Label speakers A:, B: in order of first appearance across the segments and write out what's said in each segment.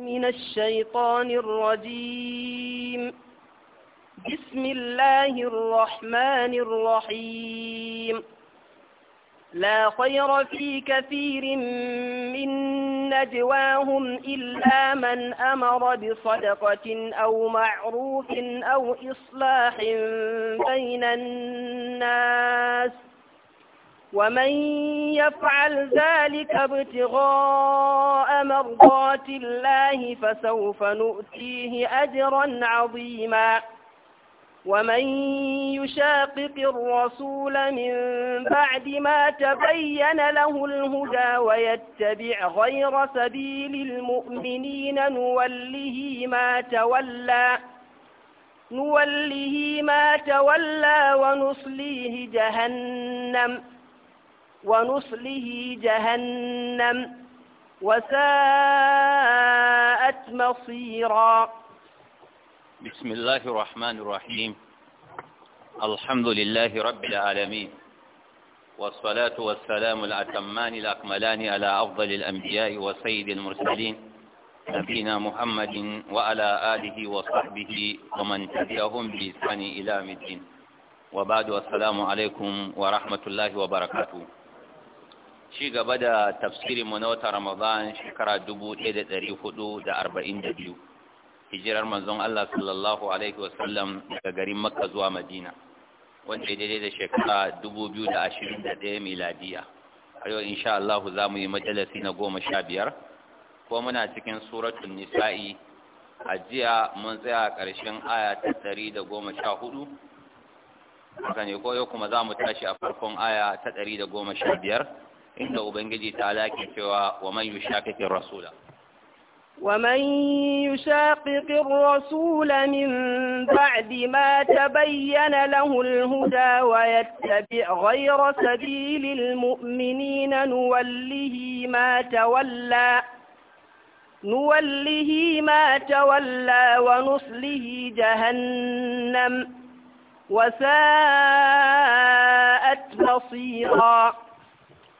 A: من الشيطان الرجيم بسم الله الرحمن الرحيم لا خير في كثير من نجواهم إلا من أمر بصدقة أو معروف أو إصلاح بين الناس ومن يفعل ذلك ابتغاء مرضات الله فسوف نؤتيه أجرا عظيما ومن يشاقق الرسول من بعد ما تبين له الهدى ويتبع غير سبيل المؤمنين نوله ما تولى نوله ما تولى ونصليه جهنم ونصله جهنم وساءت مصيرا
B: بسم الله الرحمن الرحيم الحمد لله رب العالمين والصلاة والسلام الأتمان الأكملان على أفضل الأنبياء وسيد المرسلين نبينا محمد وعلى آله وصحبه ومن تبعهم بإحسان إلى مدين وبعد والسلام عليكم ورحمة الله وبركاته ci gaba da tafsirin mu na wata Ramadan shekara 1442 hijirar manzon Allah sallallahu alaihi wasallam daga garin Makka zuwa Madina wanda ya daidai da shekara 2021 miladiya a yau insha Allah za mu yi majalisi na goma sha biyar ko muna cikin suratun nisa'i a jiya mun tsaya ƙarshen aya ta ɗari da goma sha hudu haka ne koyo kuma za mu tashi a farkon aya ta ɗari da goma sha biyar inda ubangiji ta alake cewa wa man yushaqiqir rasula
A: ومن يشاقق الرسول من بعد ما تبين له الهدى ويتبع غير سبيل المؤمنين نوله ما تولى نوله ما تولى ونصله جهنم وساءت مصيرا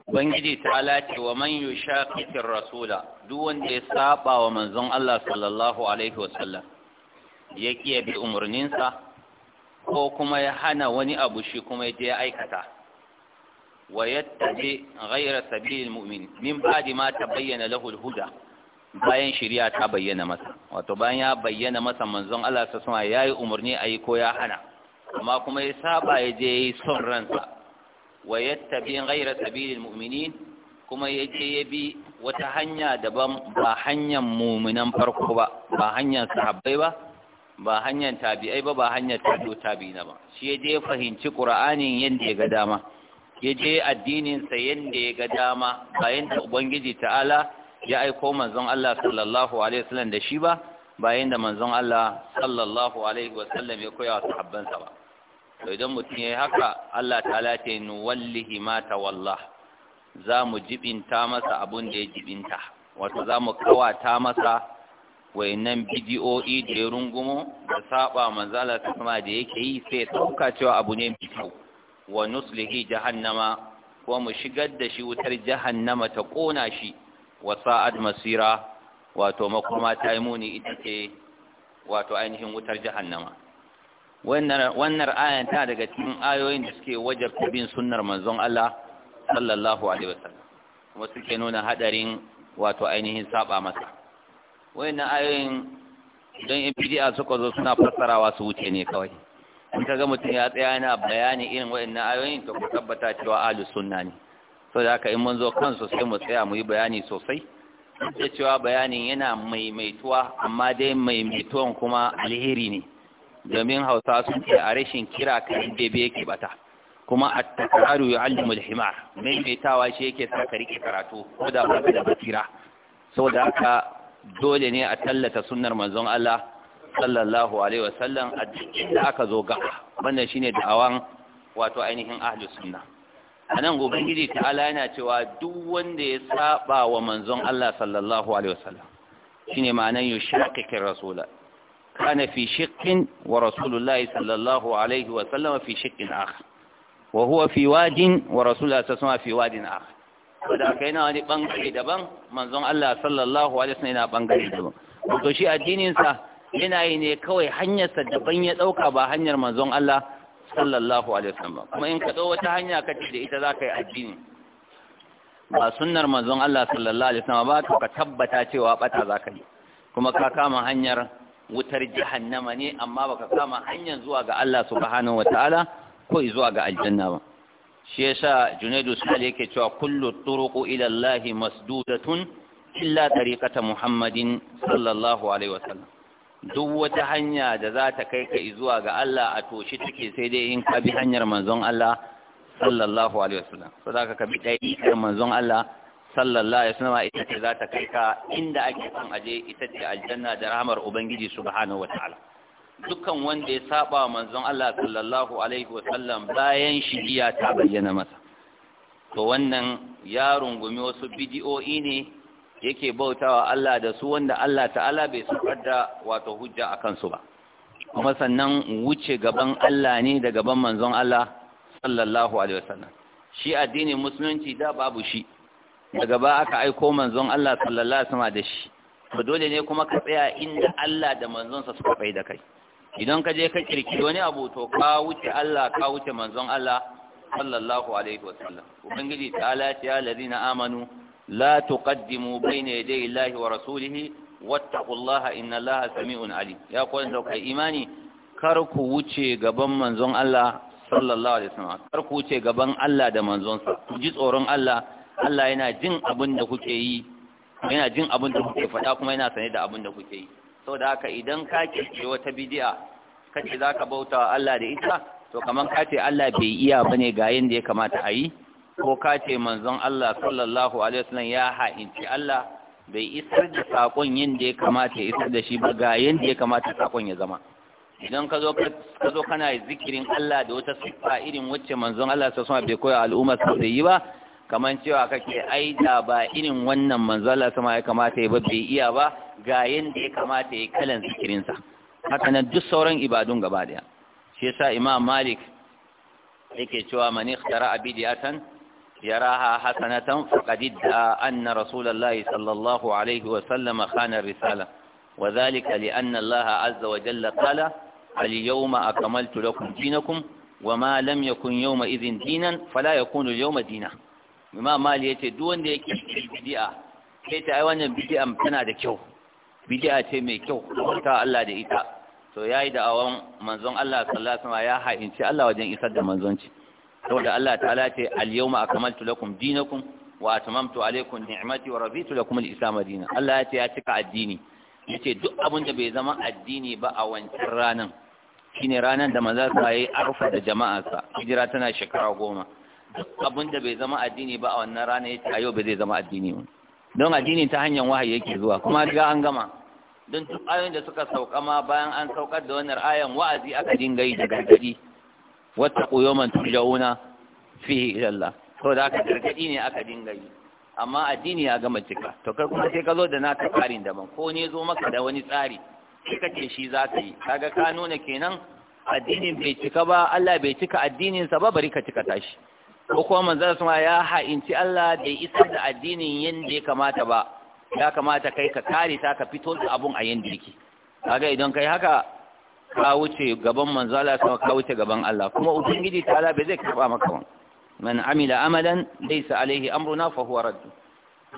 B: ubangiji ta alace wa man yushaqiqir rasula duk wanda ya saba wa manzon Allah sallallahu alaihi wasallam ya kiya bi umarninsa, ko kuma ya hana wani abu shi kuma ya je aikata wa yadda yattabi ghayra sabilil mu'min min ba'di ma tabayyana lahu al-huda bayan shari'a ta bayyana masa wato bayan ya bayyana masa manzon Allah sallallahu alaihi wasallam yayi umurni ayi ko ya hana amma kuma ya saba ya je son ransa wa yattabi ghayra sabilil mu'minin kuma yace ya bi wata hanya daban ba hanyar mu'minan farko ba ba hanyar sahabbai ba ba hanyar tabi'ai ba ba hanyar tabi'u tabi'ina ba shi ya je fahimci qur'anin yadda ya ga dama ya je addinin sa yanda ya ga dama ba yanda ubangiji ta'ala ya aiko manzon Allah sallallahu alaihi wasallam da shi ba bayan da manzon Allah sallallahu alaihi wasallam ya koya wa sahabbansa ba to idan mutum ya yi haka Allah ta ta'ala ce wallihi ma walla. za mu jibinta masa abun da ya jibinta wato za mu kawata masa wayannan bidiyo'i da ya rungumo da saba manzala ta sama da yake yi sai sauka cewa abu ne mai kyau wa nuslihi jahannama ko mu shigar da shi wutar jahannama ta kona shi wa sa'ad masira wato makoma ta yi muni ita ce wato ainihin wutar jahannama wannan ayan ta daga cikin ayoyin da suke wajabta bin sunnar manzon Allah sallallahu alaihi wasallam kuma suke nuna hadarin wato ainihin saba masa wayannan ayoyin don ibdi'a suka zo suna fassarawa su wuce ne kawai in kaga mutum ya tsaya yana bayani irin wayannan ayoyin to ku tabbata cewa ahli sunna ne so da haka in mun zo kansu sai mu tsaya mu yi bayani sosai da cewa bayanin yana maimaituwa amma dai maimaituwan kuma alheri ne domin hausa sun ce a rashin kira kan bebe yake bata kuma a takararu ya alimu da himar maimaitawa shi yake sa ka rike karatu ko da ba da basira Sau da haka dole ne a tallata sunar manzon Allah sallallahu alaihi wasallam a cikin da aka zo gaba wannan shine da'awan wato ainihin ahlus sunna anan Gidi ta'ala yana cewa duk wanda ya saba wa manzon Allah sallallahu alaihi wasallam shine ma'anan yushaqiqir rasula كان في شق ورسول الله صلى الله عليه وسلم في شق آخر وهو في واد ورسول الله صلى الله عليه وسلم في واد آخر wadda aka yana wani ɓangare daban manzon Allah sallallahu alaihi wasallam yana ɓangare daban wato shi addininsa yana yi ne kawai hanyar sa daban ya ɗauka ba hanyar manzon Allah sallallahu alaihi wasallam kuma in ka ɗau wata hanya ka ce da ita za ka yi addini ba sunnar manzon Allah sallallahu alaihi wasallam ba to ka tabbata cewa za ka yi kuma ka kama hanyar wutar jahannama ne amma baka kama hanyar zuwa ga Allah subhanahu wataala ko zuwa ga aljanna ba shi yasa junaidu sal yake cewa kullu turuqu ila Allah masdudatun illa tariqata muhammadin sallallahu alaihi wasallam duk wata hanya da za ta kai ka zuwa ga Allah a toshi take sai dai in ka bi hanyar manzon Allah sallallahu alaihi wasallam saboda ka bi dai manzon Allah sallallahu alaihi wasallam ita ce za ta kai ka inda ake son aje ita ce aljanna da rahmar ubangiji subhanahu wataala dukkan wanda ya saba manzon Allah sallallahu alaihi wasallam bayan shiriya ta bayyana masa to wannan ya rungumi wasu bidiyoyi ne yake bautawa Allah da su wanda Allah ta'ala bai saukar da wato hujja akan su ba kuma sannan wuce gaban Allah ne da gaban manzon Allah sallallahu alaihi wasallam shi addinin musulunci da babu shi daga ba aka aiko manzon Allah sallallahu alaihi wasallam da shi to dole ne kuma ka tsaya inda Allah da manzonsa suka fai da kai idan ka je ka kirkiri wani abu to ka wuce Allah ka wuce manzon Allah sallallahu alaihi wasallam ubangiji ta'ala ya ladina amanu la tuqaddimu bayna yaday Allahi wa rasulihi wattaqullaha inna Allaha sami'un alim ya koyan da kai imani kar ku wuce gaban manzon Allah sallallahu alaihi wasallam kar ku wuce gaban Allah da manzonsa ku ji tsoron Allah Allah yana jin abin da kuke yi yana jin abin da kuke faɗa kuma yana sane da abin da kuke yi saboda haka idan ka kirkiri wata ce kace zaka bauta wa Allah da ita to kaman ka ce Allah bai iya bane ga yanda ya kamata a yi ko ka ce manzon Allah sallallahu alaihi wasallam ya ha'inci Allah bai isar da sakon yanda ya kamata ya isar da shi ba ga yanda ya kamata sakon ya zama idan ka zo ka zo kana zikirin Allah da wata sifa irin wacce manzon Allah sallallahu alaihi wasallam bai koya al'umma sai yi ba kaman cewa kake ai da ba irin wannan manzala sama ya kamata ya babbe iya ba ga yanda ya kamata ya kalan zikirinsa haka nan duk sauran ibadun gaba daya shi yasa imam malik yake cewa man ikhtara abidiyatan yaraha hasanatan faqad idda anna rasulullahi sallallahu alaihi wa sallam khana risala wa dhalika li anna allaha azza wa jalla qala al yawma akmaltu lakum dinakum وما لم يكن يومئذ دينا فلا يكون اليوم دينا mima mali ce duk wanda yake bid'a sai ta ai wannan bidi'a tana da kyau bidi'a ce mai kyau ta Allah da ita to yayi da da'awan manzon Allah sallallahu alaihi wasallam ya ha'inci Allah wajen isar da manzonci saboda Allah ta'ala ce al-yawma akmaltu lakum dinakum wa atamamtu alaykum ni'mati wa raditu lakum al-islam dinan Allah ya ce ya cika addini yace duk abin da bai zama addini ba a wancan ranan shine ranan da manzon sa yayi arfa da jama'arsa hijira tana shekara goma abin da bai zama addini ba a wannan rana ce a yau bai zama addini ba don addini ta hanyar wahayi yake zuwa kuma riga an gama don duk ayoyin da suka sauka ma bayan an saukar da wannan ayan wa'azi aka dinga yi da gargadi Wata yawman turja'una fihi ila Allah to da aka gargadi ne aka dinga yi amma addini ya gama cika to kai kuma sai ka zo da naka tsarin daban ko ne zo maka da wani tsari sai kake shi za ka yi kaga ka nuna kenan addinin bai cika ba Allah bai cika addinin sa ba bari ka cika tashi ko kuma manzon sama ya ha'inci Allah da ya isar da addinin yanda ya kamata ba ya kamata kai ka kare ta ka fito da abun a yanda yake kaga idan kai haka ka wuce gaban manzon Allah kuma ka wuce gaban Allah kuma ubangiji Allah bai zai karba maka ba man amila amalan laysa Alayhi amruna fa huwa radd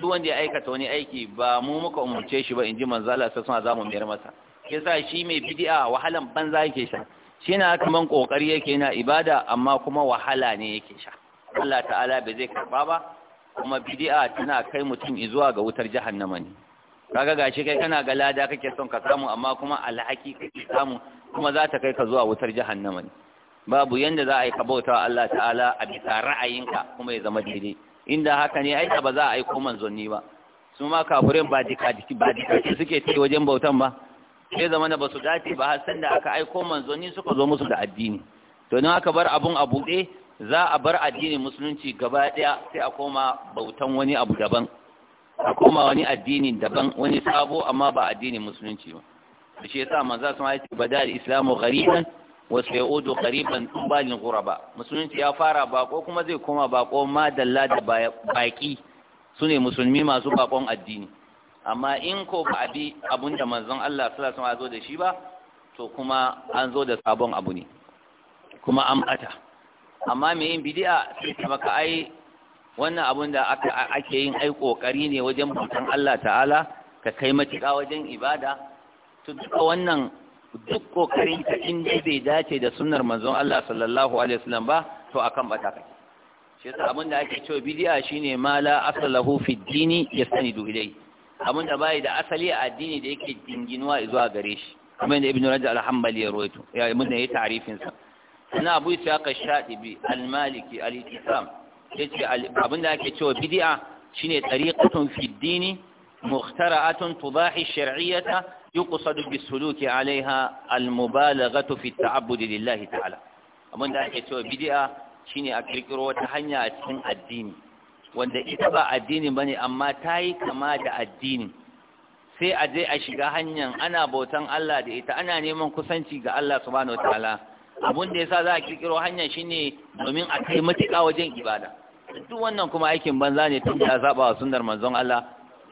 B: duk wanda ya aikata wani aiki ba mu muka umurce shi ba inji manzon Allah sai suna zamu mayar masa yasa shi mai bid'a wahalan banza yake sha shi na kaman kokari yake na ibada amma kuma wahala ne yake sha Allah ta'ala bai zai karba ba kuma bid'a tana kai mutum zuwa ga wutar jahannama ne kaga gashi kai kana ga lada kake son ka samu amma kuma alhaki kake samu kuma za ta kai ka zuwa wutar jahannama ne babu yanda za a yi kabauta wa Allah ta'ala a bisa ra'ayinka kuma ya zama daidai inda haka ne aika ba za a aiko manzanni ba su ma kafirin ba dika ba dika suke ci wajen bautan ba sai zama da basu dace ba har sanda aka aiko manzanni suka zo musu da addini to don aka bar abun a buɗe za a bar addinin musulunci gaba ɗaya sai a koma bautan wani abu daban a koma wani addinin daban wani sabo amma ba addinin musulunci ba da shi yasa manzo sun ayi badal islamu ghariban wa sayudu ghariban tubalin ghuraba musulunci ya fara bako kuma zai koma bako ma dalla da baki sune musulmi masu bakon addini amma in ko ba abi abunda manzon Allah sallallahu alaihi wasallam ya zo da shi ba to kuma an zo da sabon abu ne kuma an bata amma me yin bidi'a sai ta maka ai wannan abun da ake yin ai kokari ne wajen bautan Allah ta'ala ka kai matuƙa wajen ibada to duka wannan duk kokarin ka in bai dace da sunnar manzon Allah sallallahu alaihi wasallam ba to akan bata kai shi yasa abin da ake cewa bidi'a shine ma la asalahu fi dini yastanidu ilai abin da bai da asali a addini da yake dinginuwa zuwa gare shi kamar da ibnu rajab al-hanbali ya rawaito ya mun ya ta'rifin sa na abu isa ka ɗibi almaliki al'itisam ya ce abinda ake cewa bidi'a shine tsariƙatun fiddini muhtara'atun tubahi shari'ata yi kusadu bisuluki alaiha almubalagatu abu da lillahi ta'ala da ake cewa bidi'a shine a kirkiro wata hanya a cikin addini wanda ita ba addini ba ne amma ta yi kama da addini sai a je a shiga hanyar ana bautan Allah da ita ana neman kusanci ga Allah subhanahu ta'ala abun da yasa za a kirkiro hanya shine domin a kai matuƙa wajen ibada duk wannan kuma aikin banza ne tun da zaɓa wa sunar manzon Allah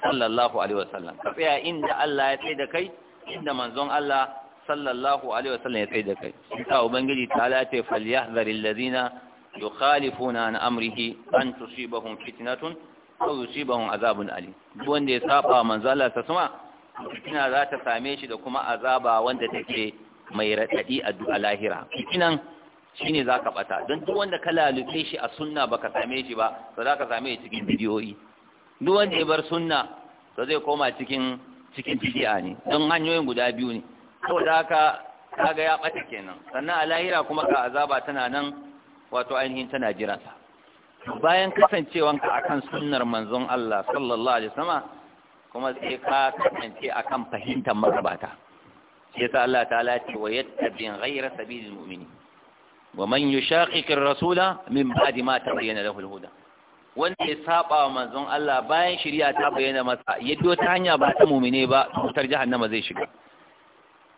B: sallallahu alaihi wasallam ka tsaya inda Allah ya tsaye da kai inda manzon Allah sallallahu alaihi wasallam ya tsaye da kai ta ubangiji ta la ta falyahzar ladina yukhalifuna an amrihi an tusibahum fitnatun aw yusibahum azabun alim duk wanda ya saba manzon Allah sa suma fitina za ta same shi da kuma azaba wanda take mai raɗaɗi a lahira kinan shi ne za ka ɓata don duk wanda ka lalube shi a sunna ba ka same shi ba to za ka same shi cikin bidiyoyi duk wanda ya bar sunna to zai koma cikin cikin bidiya ne don hanyoyin guda biyu ne da haka kaga ya ɓata kenan sannan a lahira kuma ka azaba tana nan wato ainihin tana jiransa bayan kasancewanka akan sunnar manzon Allah sallallahu alaihi wasallam kuma sai ka kasance akan fahimtar magabata yasa Allah ta lati wa yattabi ghayra sabilil mu'minin wa man yushaqiqir rasula min ba'di ma tabayyana lahu al-huda wanda ya saba wa manzon Allah bayan shari'a ta bayyana masa ya ta hanya ba ta mumine ba cutar jahannama zai shiga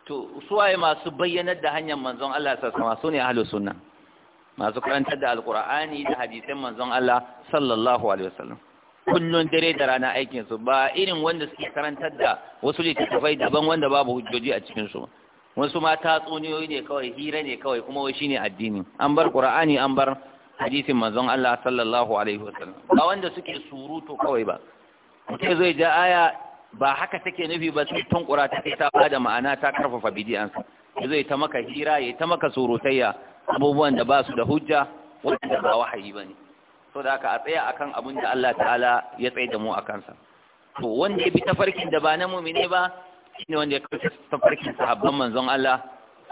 B: to suwaye masu bayyanar da hanyar manzon Allah sassama su ne ahlus sunna masu karantar da alqur'ani da hadisan manzon Allah sallallahu alaihi wasallam kullun dare da rana aikin su ba irin wanda suke karantar da wasu littattafai daban wanda babu hujjoji a cikin su wasu ma tatsuniyoyi ne kawai hira ne kawai kuma wai shine addini an bar qur'ani an bar hadisin manzon Allah sallallahu alaihi wasallam ba wanda suke surutu kawai ba sai zai ja aya ba haka take nufi ba sai tunkura ta kai ta bada ma'ana ta karfafa bidiyansa zai ta maka hira ya ta maka surutayya abubuwan da ba su da hujja wanda ba wahayi bane so da aka a tsaya kan abin da Allah ta'ala ya tsaye da mu a kansa to wanda ya bi tafarkin da ba na mumine ba shine wanda ya kauce tafarkin sahabban manzon Allah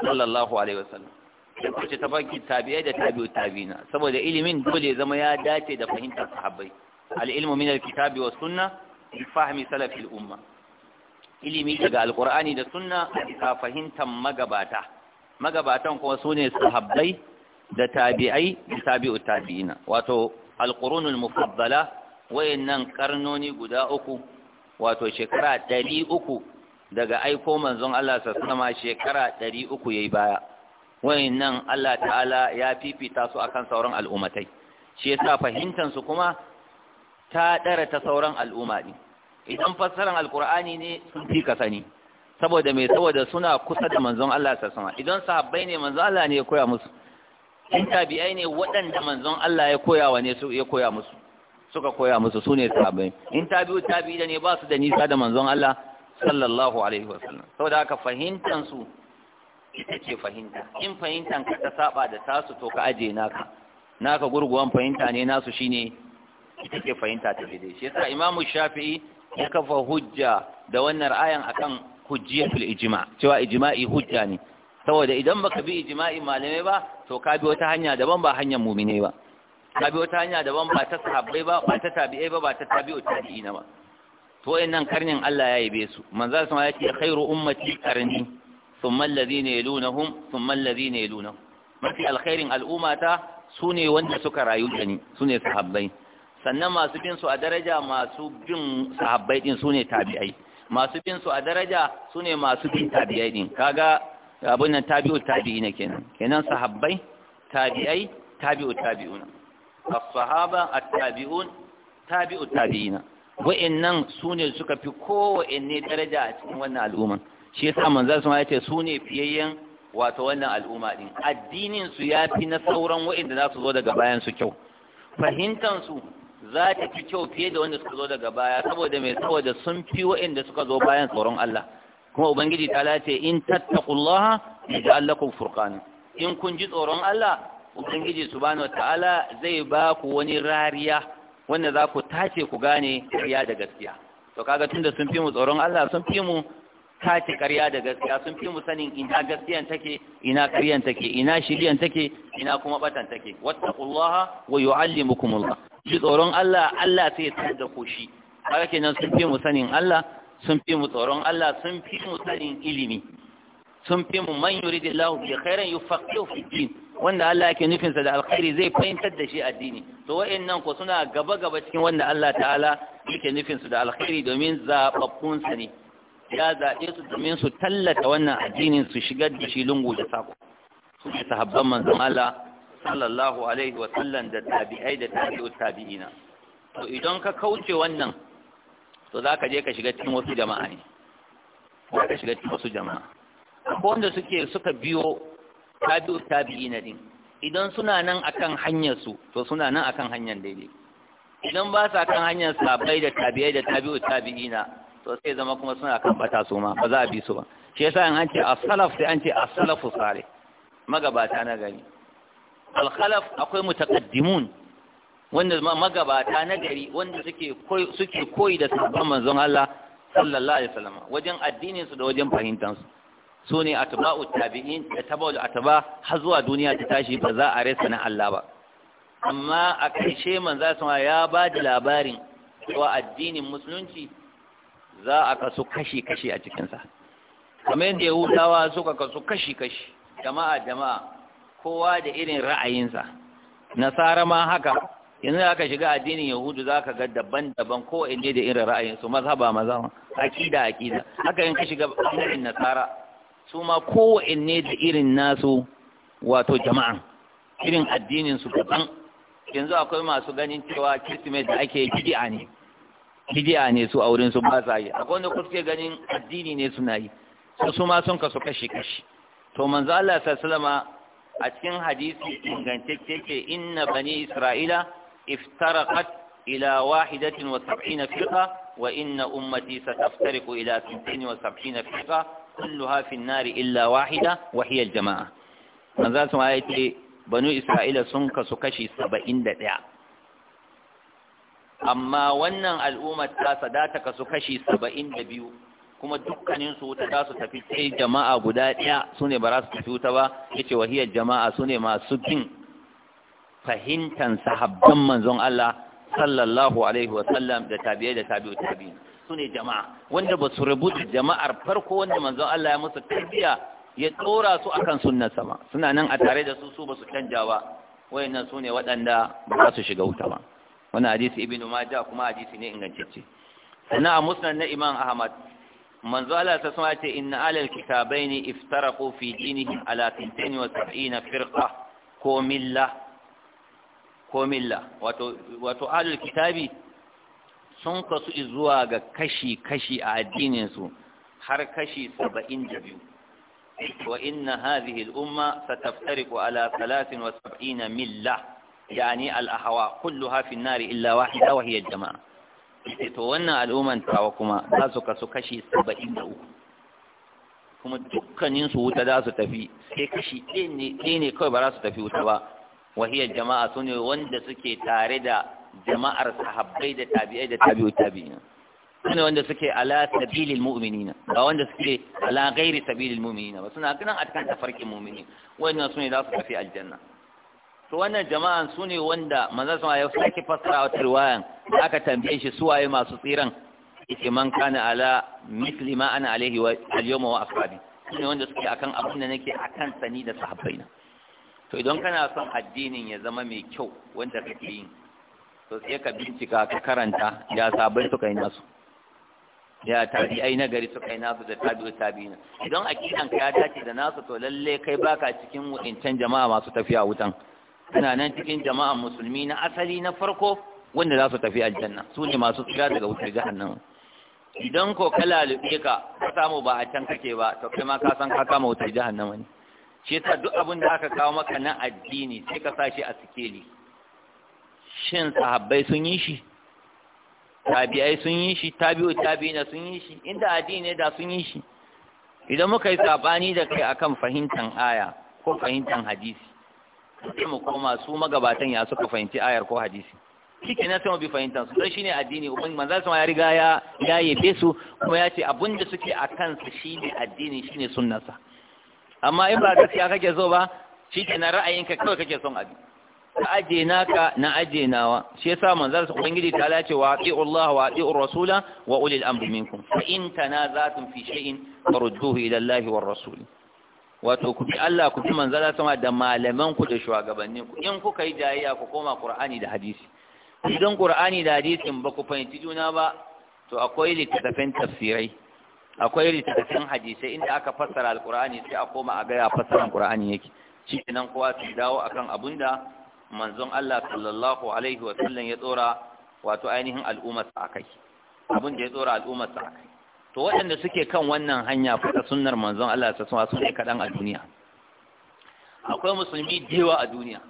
B: sallallahu alaihi wasallam ya kauce tafarkin tabi'ai da tabi'u tabi'ina saboda ilimin dole zama ya dace da fahimtar sahabbai al-ilmu min al-kitabi was sunna bi fahmi salafil umma ilimi daga alqur'ani da sunna ka fahimtar magabata magabatan kuma sune sahabbai da tabi'ai da tabi'u tabi'ina wato alqurunul mufaddala wayannan karnoni guda uku wato shekara ɗari uku daga aiko manzon Allah sassama shekara ɗari uku ya yi baya wayannan Allah ta'ala ya fifita su akan sauran al'ummatai shi yasa fahimtansu kuma ta ɗara ta sauran al'umma ne idan fassaran alkur'ani ne sun fi ka sani saboda mai saboda suna kusa da manzon Allah sassama idan sahabbai ne manzon Allah ne ya koya musu in tabi'ai ne waɗanda manzon Allah ya koya wa ne su ya koya musu suka koya musu sune sahabbai in tabi'u tabi'i da ne ba su da nisa da manzon Allah sallallahu alaihi wasallam saboda haka fahimtan su ita ce fahimta in fahimtan ka ta saba da tasu to ka aje naka naka gurguwan fahimta ne nasu shine ita ce fahimta ta dai shi yasa imamu shafi'i ya kafa hujja da wannan ra'ayin akan hujjatul ijma cewa ijma'i hujja ne saboda idan baka bi ijma'in malamai ba to ka bi wata hanya daban ba hanyar mumine ba ka bi wata hanya daban ba ta sahabbai ba ba ta tabi'ai ba ba ta tabi'u tabi'ina ba to wayannan karnin Allah ya yabe su manzo sama yake khairu ummati qarni thumma alladhina yalunhum thumma alladhina yalunhum mafi alkhairin al'ummata sune wanda suka rayu da ni sune sahabbai sannan masu bin su a daraja masu bin sahabbai din sune tabi'ai masu bin su a daraja sune masu bin tabi'ai din kaga abin nan tabi'u tabi'ina kenan kenan sahabbai tabi'ai tabi'u tabi'una as-sahaba at-tabi'un tabi'u tabi'ina wa'annan sune suka fi kowanne daraja a cikin wannan al'umma shi yasa manzo sun ya sune fiyayyen wato wannan al'umma din addinin su yafi na sauran wa'anda za su zo daga bayan su kyau fahimtan su za ta fi kyau fiye da wanda suka zo daga baya saboda mai saboda sun fi wa'anda suka zo bayan sauran Allah kuma ubangiji ta ce in tattaqullaha yaj'al lakum furqana in kun ji tsoron Allah ubangiji subhanahu wataala zai ba ku wani rariya wanda za ku tace ku gane ƙarya da gaskiya to kaga tunda sun fi mu tsoron Allah sun fi mu tace ƙarya da gaskiya sun fi mu sanin ina gaskiyan take ina ƙaryan take ina shiriyan take ina kuma batan take wattaqullaha wa yu'allimukumullah ji tsoron Allah Allah sai ya tsada ku shi kaga kenan sun fi mu sanin Allah sun fi mu tsoron Allah sun fi mu tsarin ilimi sun fi mu man yuridillahu bi khairin yufaqihu fi din wanda Allah yake nufin sa da alkhairi zai fahimtar da shi addini to wayennan ko suna gaba gaba cikin wanda Allah ta'ala yake nufin su da alkhairi domin zababbun sa ne ya zaɓe su domin su tallata wannan addinin su shigar da shi lungu da sako su ne sahabban manzon Allah sallallahu alaihi wa sallam da tabi'ai da tabi'u tabi'ina to idan ka kauce wannan to za ka je ka shiga cikin wasu jama'a ne za ka shiga cikin wasu jama'a ko wanda suke suka biyo tabi'u tabi'i na din idan suna nan akan hanyar su to suna nan akan hanyar daidai idan ba sa kan hanyar sabai da tabi'ai da tabi'u na to sai zama kuma suna kan bata su ma ba za a bi su ba shi yasa in an ce as-salaf sai an ce as-salafu salih magabata na gari al-khalaf akwai mutaqaddimun wanda magabata na gari wanda suke suke koyi da sabon manzon Allah sallallahu alaihi wasallam wajen addinin su da wajen fahimtar su su ne atba'u tabi'in da tabawul ataba har zuwa duniya ta tashi ba za a rasa na Allah ba amma a ƙarshe manzo sama ya ba da labarin cewa addinin musulunci za a kasu kashi-kashi a cikinsa kamar yadda yahudawa suka kasu kashi-kashi jama'a jama'a kowa da irin ra'ayinsa nasara ma haka yanzu aka shiga addinin yahudu za ka ga daban-daban ko inda da irin ra'ayin. su mazhaba mazhaba akida akida haka in ka shiga addinin nasara su ma kowanne da irin nasu wato jama'a irin addinin su kaɗan yanzu akwai masu ganin cewa kirtimet da ake kidi'a ne kidi'a ne su a wurin su ba sa yi akwai wanda kuke ganin addini ne suna yi su su ma sun kasu kashi kashi to manzo Allah sallallahu alaihi wasallama a cikin hadisi ingantacce ke inna bani isra'ila افترقت إلى واحدة وسبعين فرقة وإن أمتي ستفترق إلى ستين وسبعين فرقة كلها في النار إلا واحدة وهي الجماعة من آية بنو إسرائيل سنك سكشي سبعين دقيقة amma wannan al'ummar ta sadata kasu kashi saba'in da biyu kuma dukkanin su wuta za su tafi sai jama'a guda ɗaya su ne ba za su tafi wuta ba ya ce wahiyar jama'a su ne masu bin fahimtan sahabban manzon Allah sallallahu alaihi wasallam da tabi'ai da tabi'u tabi'in su ne jama'a wanda ba su rubuta jama'ar farko wanda manzon Allah ya musu tarbiya ya tsora su akan sunnar sama suna nan a tare da su su ba su canja ba wayannan su ne waɗanda ba su shiga wuta ba wannan hadisi ibnu majah kuma hadisi ne ingantacce sana musnad na imam ahmad manzo Allah ta sama ce inna alal kitabaini iftaraqu fi dinihim ala 72 firqa ko milla ko milla wato wato ahlul kitabi sun kasu zuwa ga kashi-kashi a addininsu har kashi saba'in da biyu wa inna hadhihi al'umma sataftariqu ala 73 milla yani al'ahawa kulluha fi an-nar illa wahida wa hiya al-jama'a to wannan al'umman tawa kuma za su kasu kashi saba'in da uku. kuma dukkaninsu wuta za su tafi sai kashi ɗaya ne kawai ba za su tafi wuta ba wahiyar jama'a su ne wanda suke tare da jama'ar sahabbai da tabi'ai da tabi'u tabi'ina su wanda suke ala sabilil mu'minina ba wanda suke ala ghairi sabilil mu'minina ba suna ganin a cikin tafarkin mu'mini wannan su ne za su tafi aljanna to wannan jama'an su ne wanda manzo sama ya sake fassara wata aka tambaye shi suwaye masu tsiran yace man kana ala misli ma ana alaihi wa al-yawma wa ashabi ne wanda suke akan abin da nake akan sani da na to idan kana son addinin ya zama mai kyau wanda kake yi to sai ka bincika ka karanta ya sabai suka yi nasu ya tabi'ai na gari suka yi nasu da tabi na idan akidan ka ya dace da nasu to lalle kai baka cikin wadancan jama'a masu tafiya wutan kana nan cikin jama'an musulmi na asali na farko wanda za su tafi aljanna su ne masu tsira daga wutar jahannama idan ko ka lubeka ka ka samu ba a can kake ba to kai ma ka san ka kama wutar jahannama ne Cesa ta duk abin da aka kawo maka na addini sai ka sashi a sikeli shin sahabbai sun yi shi tabi'ai sun yi shi tabi'u tabi'ina sun yi shi inda addini da sun yi shi idan muka yi sabani da kai akan fahimtan aya ko fahimtan hadisi sai mu koma su magabatan ya suka fahimci ayar ko hadisi kike na sai mu bi fahimtan su dan shine addini ubun manzo sama ya riga ya yaye yabe su kuma ya ce abinda suke akan su shine addini shine sunnarsa amma in ba gaskiya kake so ba shi ke na ra'ayinka kawai kake son abi na aje naka na aje nawa shi yasa manzar su ubangiji ta lace wa ati'u Allah wa ati'u rasula wa ulil amri minkum fa in tanazatum fi shay'in farudduhu ila Allah rasul wato ku bi Allah ku bi manzara sama da malaman ku da shugabannin ku in kuka yi jayayya ku koma Qur'ani da hadisi idan Qur'ani da hadisin ba ku fahimci juna ba to akwai littattafan tafsirai akwai littattafan hadisai inda aka fassara alqur'ani sai a koma a gaya fassaran qur'ani yake nan kowa su dawo akan abunda manzon Allah sallallahu alaihi wa sallam ya tsora wato ainihin al'ummar sa akai Abun da ya tsora al'ummar sa akai to waɗanda suke kan wannan hanya fa sunnar manzon Allah ta tsoma sun kaɗan a duniya akwai musulmi jewa a duniya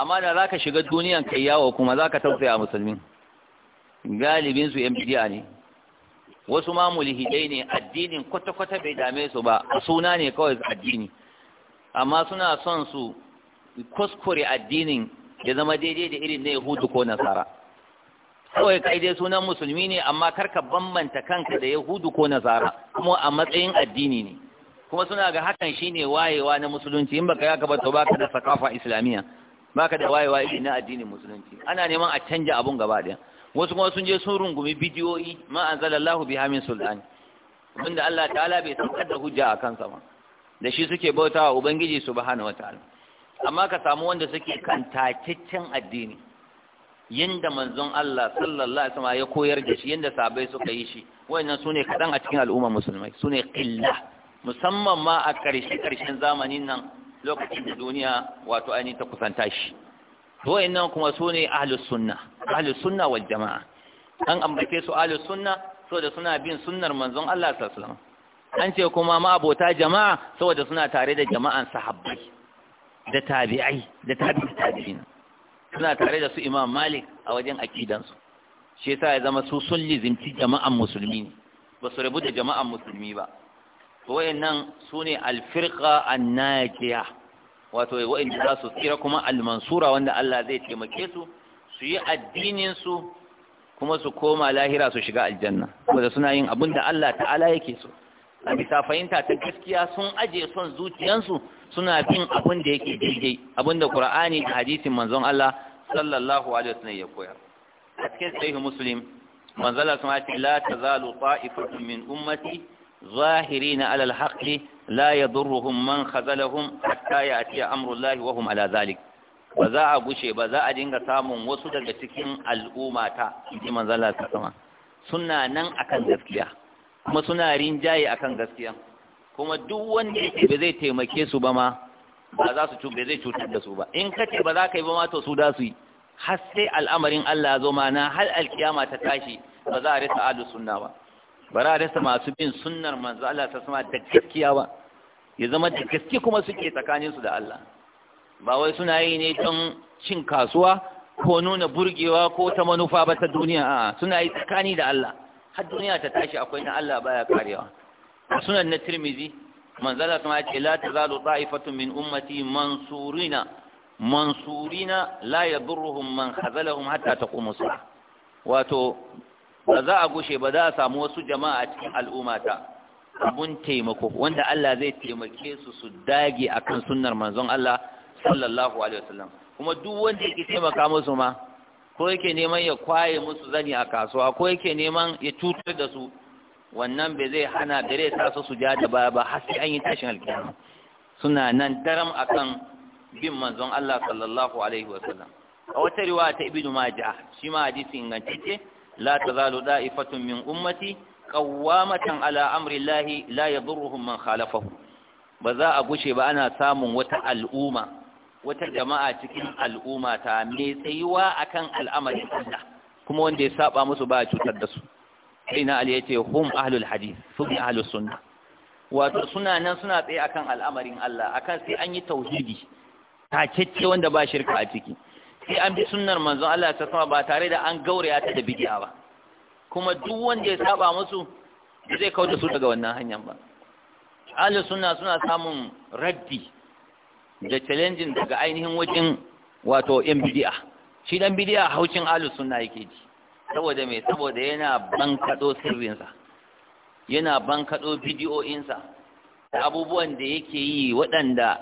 B: amma da za ka shiga duniyan kai yawo kuma za ka tausaya musulmin galibinsu yan bidiya ne wasu ma mulhidai ne addinin kwata-kwata bai dame su ba suna ne kawai addini amma suna son su kuskure addinin ya zama daidai da irin na yahudu ko nasara kawai kai dai sunan musulmi ne amma karka bambanta kanka da yahudu ko nasara kuma a matsayin addini ne kuma suna ga hakan shine wayewa na musulunci in baka yaka ba to baka da sakafa islamiyya baka da wayewa irin na addinin musulunci ana neman a canja abun gaba ɗaya wasu kuma sun je sun rungumi bidiyoyi ma anzalallahu biha min sultani wanda Allah ta'ala bai saukar da hujja a kansa ba da shi suke bautawa ubangiji subhanahu wataala amma ka samu wanda suke kan addini yanda manzon Allah sallallahu alaihi wasallam ya koyar da shi yanda sahabbai suka yi shi wayannan sune kadan a cikin al'umma musulmai sune qilla musamman ma a karshe karshen zamanin nan lokacin da duniya wato ainihin ta kusanta shi nan kuma su ne ahlus wa jama'a an ambace su ahlus sunna saboda suna bin sunnar manzon Allah sallallahu an ce kuma ma abota jama'a saboda suna tare da jama'an sahabbai da tabi'ai da tabi'in suna tare da su Imam Malik a wajen akidansu shi yasa ya zama su sun lizimci jama'an musulmi ne ba su rabu da jama'an musulmi ba wayannan su ne alfirqa annajiya wato wa'inda za su tsira kuma almansura wanda Allah zai taimake su su yi addinin su kuma su koma lahira su shiga aljanna saboda suna yin abin da Allah ta'ala yake so a bisa fahimta ta gaskiya sun aje son zuciyansu suna bin abin da yake daidai abin da Qur'ani da hadisin manzon Allah sallallahu alaihi wasallam ya koyar a cikin sahih muslim manzala sun ce la tazalu ta'ifatun min ummati ظاهرين على الحق لا يضرهم من خذلهم حتى يأتي أمر الله وهم على ذلك ba za a bushe ba za a dinga samun wasu daga cikin al'umma ta inji manzala ta sama suna nan akan gaskiya kuma suna rinjaye akan gaskiya kuma duk wanda yake ba zai taimake su ba ma ba za su ba zai cutar da su ba in kace ba za ka yi ba ma to su da su yi har sai al'amarin Allah ya zo mana har alkiyama ta tashi ba za a rasa ahlus sunna ba bara rasa masu bin sunnar manzo Allah ta sama da gaskiya ba ya zama da gaske kuma suke tsakanin su da Allah ba wai suna yi ne don cin kasuwa ko nuna burgewa ko ta manufa ba ta duniya a suna yi tsakani da Allah har duniya ta tashi akwai na Allah baya karewa sunan na tirmizi manzo Allah ta ce la tazalu ta'ifatu min ummati mansurina mansurina la yadurruhum man khazalahum hatta taqumu wato ba za a gushe ba za a samu wasu jama'a a cikin ta. abun taimako wanda Allah zai taimake su su dage akan sunnar manzon Allah sallallahu alaihi wasallam kuma duk wanda yake taimaka musu ma ko yake neman ya kwaye musu zani a kasuwa ko yake neman ya cutar da su wannan bai zai hana gare ta su ja da baya ba har sai an yi tashin alkiyama suna nan daram akan bin manzon Allah sallallahu alaihi wasallam a wata riwaya ta ibnu majah shi ma hadisi ingantacce la tazalu da'ifatun min ummati qawwamatan ala amri llahi la yadurruhum man ba za a gushe ba ana samun wata al'umma wata jama'a cikin al'umma ta mai tsayuwa akan al'amarin Allah kuma wanda ya saba musu ba a cutar da su sai na Ali yace hum ahlul hadith su ne ahlus sunna wato suna nan suna tsaye akan al'amarin Allah akan sai an yi tauhidi takecce wanda ba shirka a ciki sai an bi sunnar manzon Allah ta sama ba tare da an gauraya ta da bid'a ba kuma duk wanda ya saba musu zai kauda su daga wannan hanyar ba ahlus sunna suna samun raddi da challenging daga ainihin wajen wato yan bid'a shi dan bid'a haucin ahlus sunna yake ji saboda me saboda yana bankado sirrinsa yana bankado bidiyoyinsa da abubuwan da yake yi waɗanda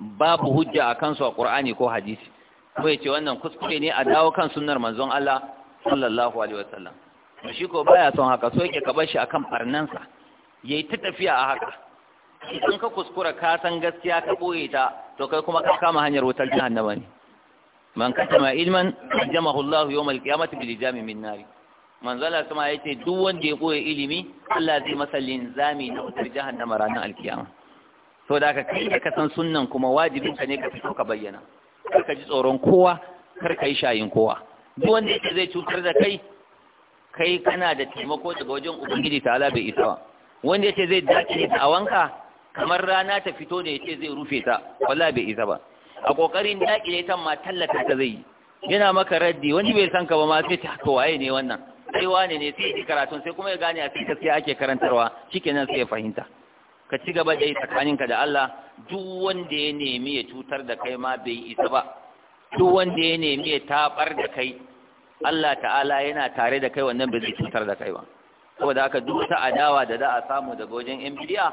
B: babu hujja a kansu a Qur'ani ko hadisi ko ya ce wannan kuskure ne a dawo kan sunnar manzon Allah sallallahu alaihi wasallam to shi ko baya son haka so yake ka bar shi akan farnansa yayi ta tafiya a haka idan ka kuskura ka san gaskiya ka boye ta to kai kuma ka kama hanyar wutar jahannama ne man katama ilman jamahu Allah yawm al-qiyamati bil jami min nar zalla kuma yace duk wanda ya boye ilimi Allah zai masa linzami na wutar jahannama ranar alkiyama so da ka kai ka san sunnan kuma wajibin ka ne ka fito ka bayyana kar ka ji tsoron kowa kar ka yi shayin kowa duk wanda yake zai cutar da kai kai kana da taimako daga wajen ubangiji ta ala bai isa ba wanda yace zai dace da awanka kamar rana ta fito ne yace zai rufe ta wala bai isa ba a kokarin dakile ta ma tallata ta zai yana maka raddi wani bai san ka ba ma sai ta to waye ne wannan sai wane ne sai karatun sai kuma ya gane a cikin ake karantarwa shikenan sai ya fahimta ka ci gaba da yi tsakaninka da Allah duk wanda ya nemi ya cutar da kai ma bai isa ba duk wanda ya nemi ya tabar da kai Allah ta'ala yana tare da kai wannan bai cutar da kai ba saboda haka duk wata adawa da za a samu daga wajen yan bidiya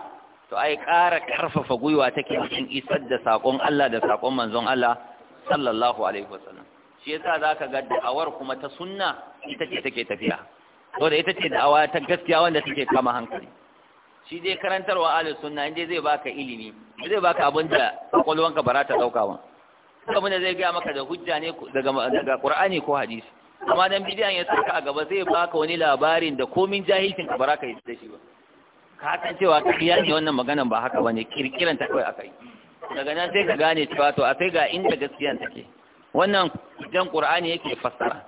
B: to ai ƙara karfafa gwiwa take cikin isar da sakon Allah da sakon manzon Allah sallallahu alaihi wasallam shi yasa zaka ga da'awar kuma ta sunna ita ce take tafiya saboda ita ce da'awa ta gaskiya wanda take kama hankali shi dai karantarwa ahlus sunna inda zai baka ilimi zai baka abin da kwakwalwanka ba za ta dauka ba kuma da zai gaya maka da hujja ne daga daga qur'ani ko hadisi amma dan bidiyan ya saka a gaba zai baka wani labarin da komin jahilcin ka ba za ka yi da shi ba ka san cewa kariya ne wannan maganan ba haka bane kirkiran ta kawai akai daga nan sai ka gane cewa to akai ga inda gaskiyan take wannan jan qur'ani yake fassara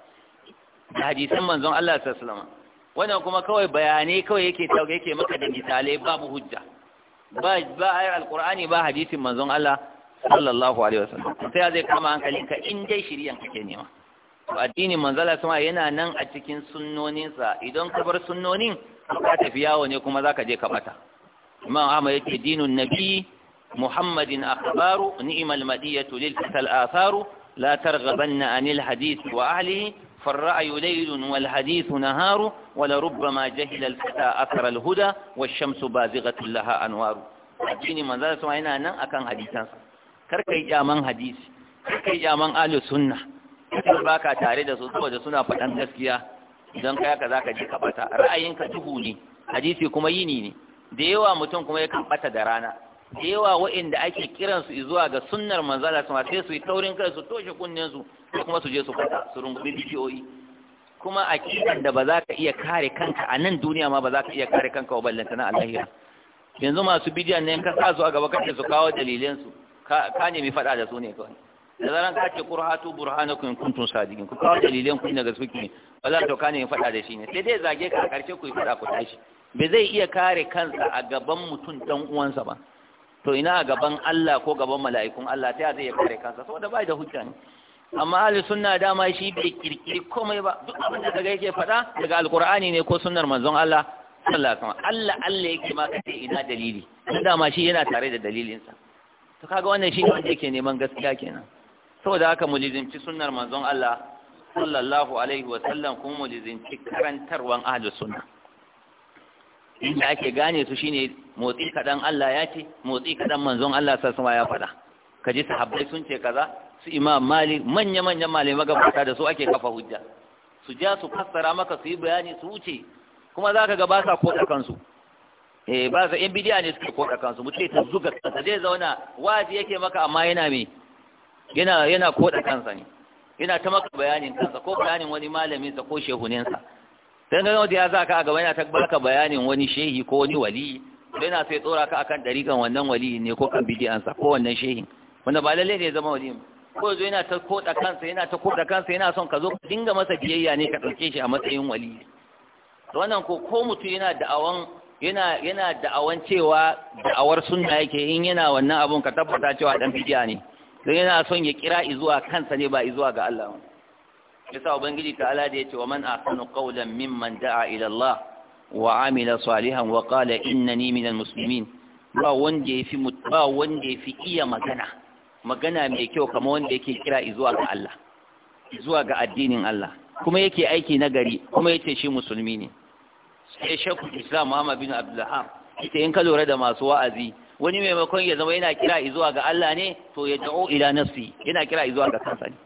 B: da hadisan manzon Allah sallallahu alaihi wasallam wannan kuma kawai bayanai kawai yake tauga yake maka da misalai babu hujja ba ba ayar alqur'ani ba hadisin manzon Allah sallallahu alaihi wasallam sai zai kama hankali in dai shiriyan kake nema to addinin manzala sama yana nan a cikin sunnoninsa idan ka bar sunnonin ka tafi yawo ne kuma zaka je ka bata imam ahmad yake dinun nabi muhammadin akhbaru ni'mal madiyatu lil fasal atharu la targhabanna anil hadith wa ahlihi فالرأي ليل والحديث نهار ولربما جهل الفتى أثر الهدى والشمس بازغة لها أنوار addini manzon sama yana nan akan hadisansa kar kai jaman hadisi kar kai jaman ahlus sunna kar baka tare da su saboda suna faɗan gaskiya idan kai ka zaka ji ka bata ra'ayinka duhu ne hadisi kuma yini ne da yawa mutum kuma ya kan da rana da yawa waɗanda ake kiransu zuwa ga sunnar manzala su sai su yi taurin kai su toshe kunnen su kuma su je su fata su rungumi bidiyoyi kuma a kiran da ba za ka iya kare kanka a nan duniya ma ba za ka iya kare kanka wa ballantana na alahira yanzu masu bidiyan ne ka sa su a gaba kace su kawo dalilan su ka nemi faɗa da su ne kawai da zaran ka ce qur'atu burhanakum kuntum sadiqin ku kawo dalilan ku ga suke ba za to ka nemi faɗa da shi ne sai dai zage ka a karshe ku yi faɗa ku tashi bai zai iya kare kansa a gaban mutum dan uwansa ba to ina a gaban Allah ko gaban mala'ikun Allah ta zai kare kansa saboda bai da hujja ne amma ahli sunna dama shi bai kirkiri komai ba duk abin da kaga yake faɗa daga alqur'ani ne ko sunnar manzon Allah sallallahu alaihi wasallam Allah Allah yake ma kace ina dalili dama shi yana tare da dalilinsa to kaga wannan shi wanda yake neman gaskiya kenan saboda haka mu lizinci sunnar manzon Allah sallallahu alaihi wasallam kuma mu lizinci karantarwan ahlus sunna inda ake gane su shine motsi kadan Allah ya ce motsi kaɗan manzon Allah sassama ya fada ka ji sahabbai sun ce kaza su imam malik manya-manyan malamai gabata da su ake kafa hujja su ja su fassara maka su yi bayani su wuce kuma za ka ga ba sa koda kansu eh ba sa in bidiya ne suke koda kansu mu ce ta zuga ta zai zauna wazi yake maka amma yana me yana yana koɗa kansa ne yana ta maka bayanin kansa ko bayanin wani malamin sa ko sa dan ganin da ya za ka gaba yana ta baka bayanin wani shehi ko wani wali sai na sai tsora ka akan dariƙan wannan wali ne ko kan bidiyansa ko wannan shehin wanda ba lalle ne zama wali ko zo yana ta koda kansa yana ta koda kansa yana son ka zo ka dinga masa biyayya ne ka ɗauke shi a matsayin wali wannan ko ko mutum yana da'awan yana yana da'awan cewa da'awar sunna yake in yana wannan abun ka tabbata cewa dan bidiya ne don yana son ya kira izuwa kansa ne ba izuwa ga Allah ba yasa ubangiji ta'ala da yace wa man ahsanu qawlan mimman da'a ila Allah wa amila salihan wa qala innani minal muslimin ba wanda yafi ba wanda yafi iya magana magana mai kyau kamar wanda yake kira zuwa ga Allah zuwa ga addinin Allah kuma yake aiki na gari kuma yace shi musulmi ne sai shakku Islam Muhammad bin Abdullah ita in ka lura da masu wa'azi wani maimakon ya zama yana kira zuwa ga Allah ne to ya da'o ila nafsi yana kira zuwa ga kansa ne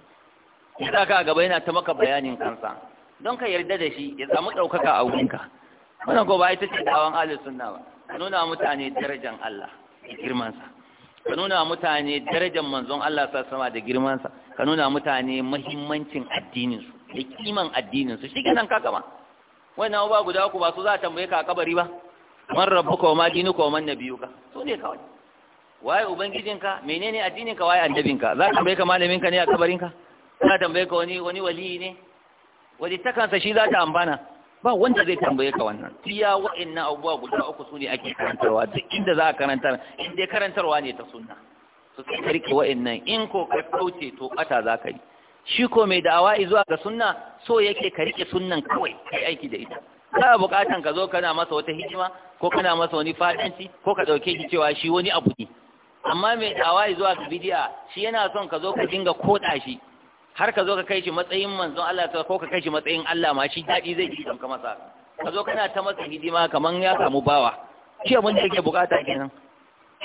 B: ya sa ka a gaba yana ta maka bayanin kansa don ka yarda da shi ya samu ɗaukaka a wurinka wannan ko ba ita ce dawon ahlus suna ba ka nuna mutane darajar Allah da girmansa ka nuna mutane darajar manzon Allah sa sama da girmansa ka nuna mutane mahimmancin addininsu da kiman addininsu shi ke nan ka gama wannan ba guda ku ba su za a tambaye ka a kabari ba man rabu ko ma dini ko man ka. Su ne kawai waye ubangijinka menene addininka waye annabinka za ka tambaye ka malaminka ne a kabarinka za ta tambaye ka wani wani wali ne wali ta kansa shi za ta ambana ba wanda zai tambaye ka wannan wa'in wa'annan abubuwa guda uku su ne ake karantarwa duk inda za a karantar in dai karantarwa ne ta sunna su sai ka rike wa'annan in ko ka kauce to bata za ka yi shi ko mai da'awa zuwa ga sunna so yake ka rike sunnan kawai kai aiki da ita ba bukatan ka zo kana masa wata hikima ko kana masa wani fadanci ko ka dauke shi cewa shi wani abu ne amma mai da'awa zuwa ga bidiya shi yana son ka zo ka dinga koda shi har ka zo ka kai shi matsayin manzon Allah ta ko ka kai shi matsayin Allah ma shi daɗi zai ji kamka masa ka zo kana ta masa hidima kaman ya samu bawa shi abin da yake bukata kenan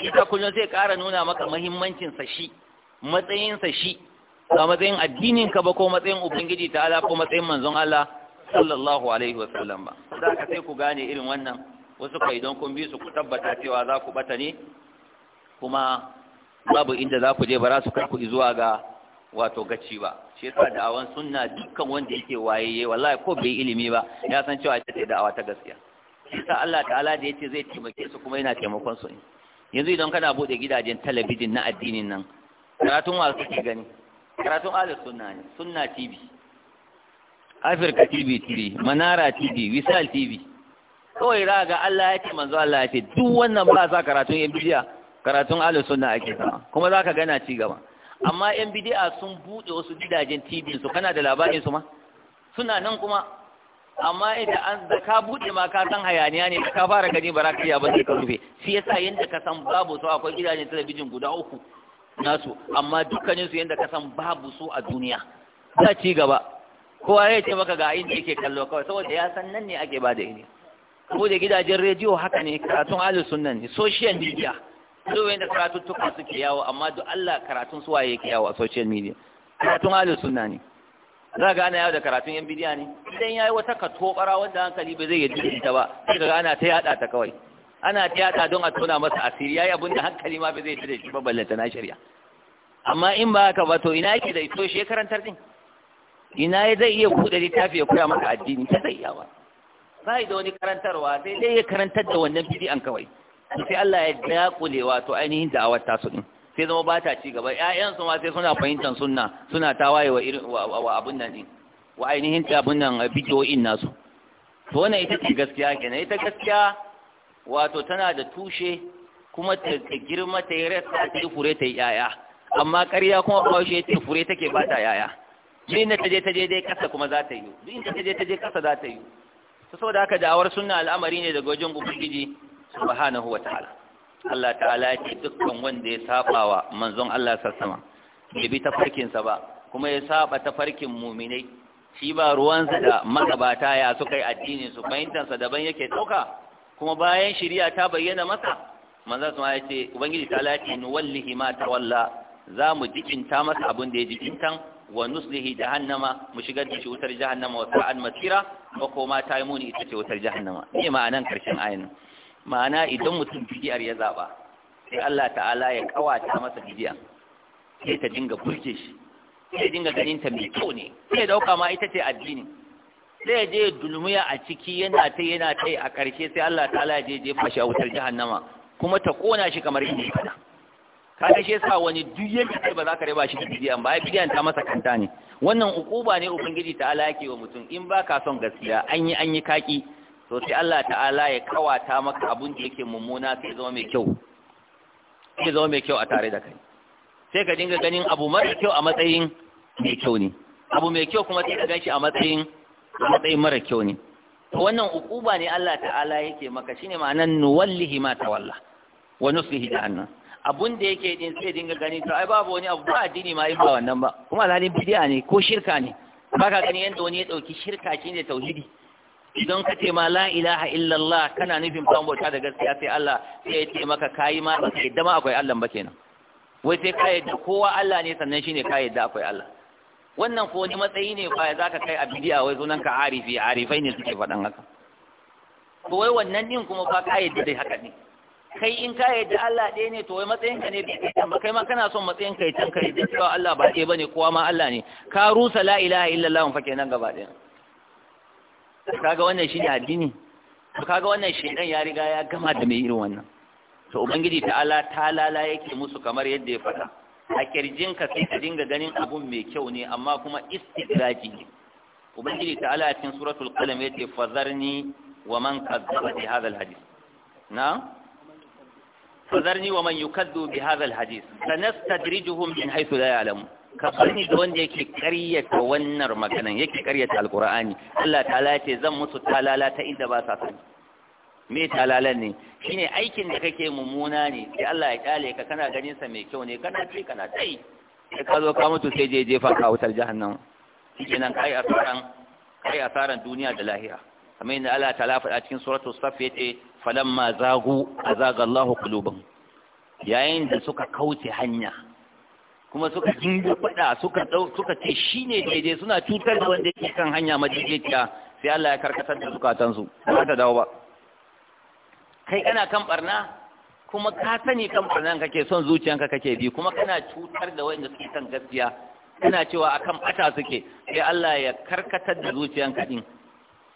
B: ita kullum zai kara nuna maka muhimmancin sa shi matsayin sa shi ba matsayin addinin ka ba ko matsayin ubangiji ta ala ko matsayin manzon Allah sallallahu alaihi wa sallam ba za ka sai ku gane irin wannan wasu kai don kun bi su ku tabbata cewa za ku bata ne kuma babu inda za ku je ba za su kai ku zuwa ga wato gaci ba shi yasa da'awan sunna dukkan wanda yake waye wallahi ko bai ilimi ba ya san cewa ita ce da'awa ta gaskiya shi yasa Allah ta'ala da yace zai taimake su kuma yana taimakon su yanzu idan kana bude gidajen talabijin na addinin nan karatun wasu ke gani karatun ahlus sunna ne sunna tv Afirka TV TV, Manara TV, Wisal TV. Kawai za ga Allah ya ce manzo Allah ya ce duk wannan ba sa karatun yan bidiya, karatun Ahlus Sunna ake sama. Kuma za ka gana ci gaba. amma yan bidi'a sun buɗe wasu gidajen TV su kana da labarin su ma suna nan kuma amma idan an da ka buɗe ma ka san hayaniya ne ka fara gani ba za ka ba sai ka rufe shi yasa yanda ka san babu su akwai gidajen talabijin guda uku nasu amma dukkanin su yanda ka san babu su a duniya za ci gaba kowa ya ce maka ga inda yake kallo kawai saboda ya san nan ne ake ba da ilimi ko da gidajen rediyo haka ne karatun Ali sunna ne social media duk wanda karatuttukan suke yawo amma duk Allah karatun su waye yake yawo a social media karatun ahlus sunna ne za ga ana yawo da karatun yan bidiya ne idan yayi wata katobara wanda hankali ba zai yaddi ta ba sai ga ana ta yada ta kawai ana ta yada don a tona masa asiri yayi abin da hankali ma ba zai yi da shi ba ballanta na shari'a amma in ba haka ba to ina yake da ito shi karantar din ina ya zai iya buɗe littafi ya koya maka addini ta zai yawa ba da wani karantarwa sai dai ya karantar da wannan bidiyan kawai sai Allah ya dakule wato ainihin da'awar tasu din sai zama ba ta ci gaba ƴaƴan su ma sai suna fahimtar sunna suna waye wa irin wa abun nan din wa ainihin abun nan bidiyoyin nasu to wannan ita ce gaskiya kenan ita gaskiya wato tana da tushe kuma ta girma ta yi rasa ta yi fure ta yi ƴaƴa amma ƙarya kuma shi ta fure take ba ta ƴaƴa duk inda ta je ta je dai ƙasa kuma za ta yi duk inda ta je ta je ƙasa za ta yi saboda haka da'awar sunna al'amari ne daga wajen ubangiji subhanahu wa ta'ala Allah ta'ala ya ce dukkan wanda ya safa wa manzon Allah sassama ya bi tafarkinsa ba kuma ya saba tafarkin muminai shi ba ruwansa da magabata ya suka yi addini su fahimtansa daban yake ɗauka kuma bayan shari'a ta bayyana masa manzon sama ya ce ubangiji ta lati nuwallihi ma tawalla za mu jikinta masa abin da ya jikintan wa nuslihi jahannama mu shigar da shi wutar jahannama wa sa'an masira ba ma ta yi muni ita ce wutar jahannama ne ma'anan karshen ayin ma'ana idan mutum bidiyar ya zaɓa sai Allah ta'ala ya kawata masa bidiya sai ta dinga burge shi sai dinga ganin ta mai kyau ne sai dauka ma ita ce addini sai je dulmiya a ciki yana ta yana ta a ƙarshe sai Allah ta'ala ya je je fashi a wutar jahannama kuma ta kona shi kamar inda fada kaga shi sa wani duk yadda kai ba za ka raba shi da bidiyan ba ai bidiyan ta masa kanta ne wannan ukuba ne ubangiji ta'ala yake wa mutum in ba ka son gaskiya an yi an yi kaki to sai Allah ta'ala ya kawata maka abun da yake mummuna sai zama mai kyau sai zama mai kyau a tare da kai sai ka dinga ganin abu mara kyau a matsayin mai kyau ne abu mai kyau kuma sai ka ganshi a matsayin a matsayin mara kyau ne to wannan ukuba ne Allah ta'ala yake maka shine ma'anan nuwallihi ma tawalla wa nuslihi jahannam abun da yake din sai dinga gani to ai babu wani abu ba addini ma in ba wannan ba kuma alhalin bid'a ne ko shirka ne baka gani yanda wani ya dauki shirka shine tauhidi idan ka ce ma la ilaha illallah kana nufin samun bauta da gaskiya sai Allah sai ya ce maka kayi ma ba sai dama akwai Allah ba kenan wai sai ka yadda kowa Allah ne sannan shine ka yadda akwai Allah wannan ko ni matsayi ne ba za ka kai a bidiya wai sunan ka arifi arifai ne suke faɗan haka to wai wannan din kuma ba ka yadda dai haka ne kai in ka yadda Allah ɗaya ne to wai matsayin ka ne bai kai ba kai ma kana son matsayin kai can ka yadda cewa Allah ba ɗaya bane kowa ma Allah ne ka rusa la ilaha illallah fa kenan gaba ɗaya kaga wannan shine addini to kaga wannan shedan ya riga ya gama da mai irin wannan to ubangiji ta'ala lala yake musu kamar yadda ya faɗa a ka sai ka dinga ganin abun mai kyau ne amma kuma istidraji ne ubangiji ta'ala a cikin suratul qalam yace fazarni wa man kadzaba bi hadha hadith na fazarni wa man yukaddu bi hadha hadith sanastadrijuhum min haythu la ya'lamun ka barni da wanda yake karyata wannan maganan yake karyata alkur'ani Allah ta'ala ce zan musu talala ta inda ba sa sani me talalan ne shine aikin da kake mummuna ne sai Allah ya kyale ka kana ganin sa mai kyau ne kana ce kana tai sai ka zo ka mutu sai je jefa ka wutar jahannam kenan kai asaran kai asaran duniya da lahira kamar yadda Allah ta'ala faɗa cikin suratul saff ce falamma zagu azaga Allahu qulubum yayin da suka kauce hanya kuma suka dinga faɗa suka suka ce shine daidai suna cutar da wanda yake kan hanya madaidaiciya sai Allah ya karkatar da zukatan su ba ta dawo ba kai kana kan barna kuma ka sani kan barna kake son zuciyanka kake bi kuma kana cutar da wanda suke kan gaskiya kana cewa akan bata suke sai Allah ya karkatar da zuciyanka din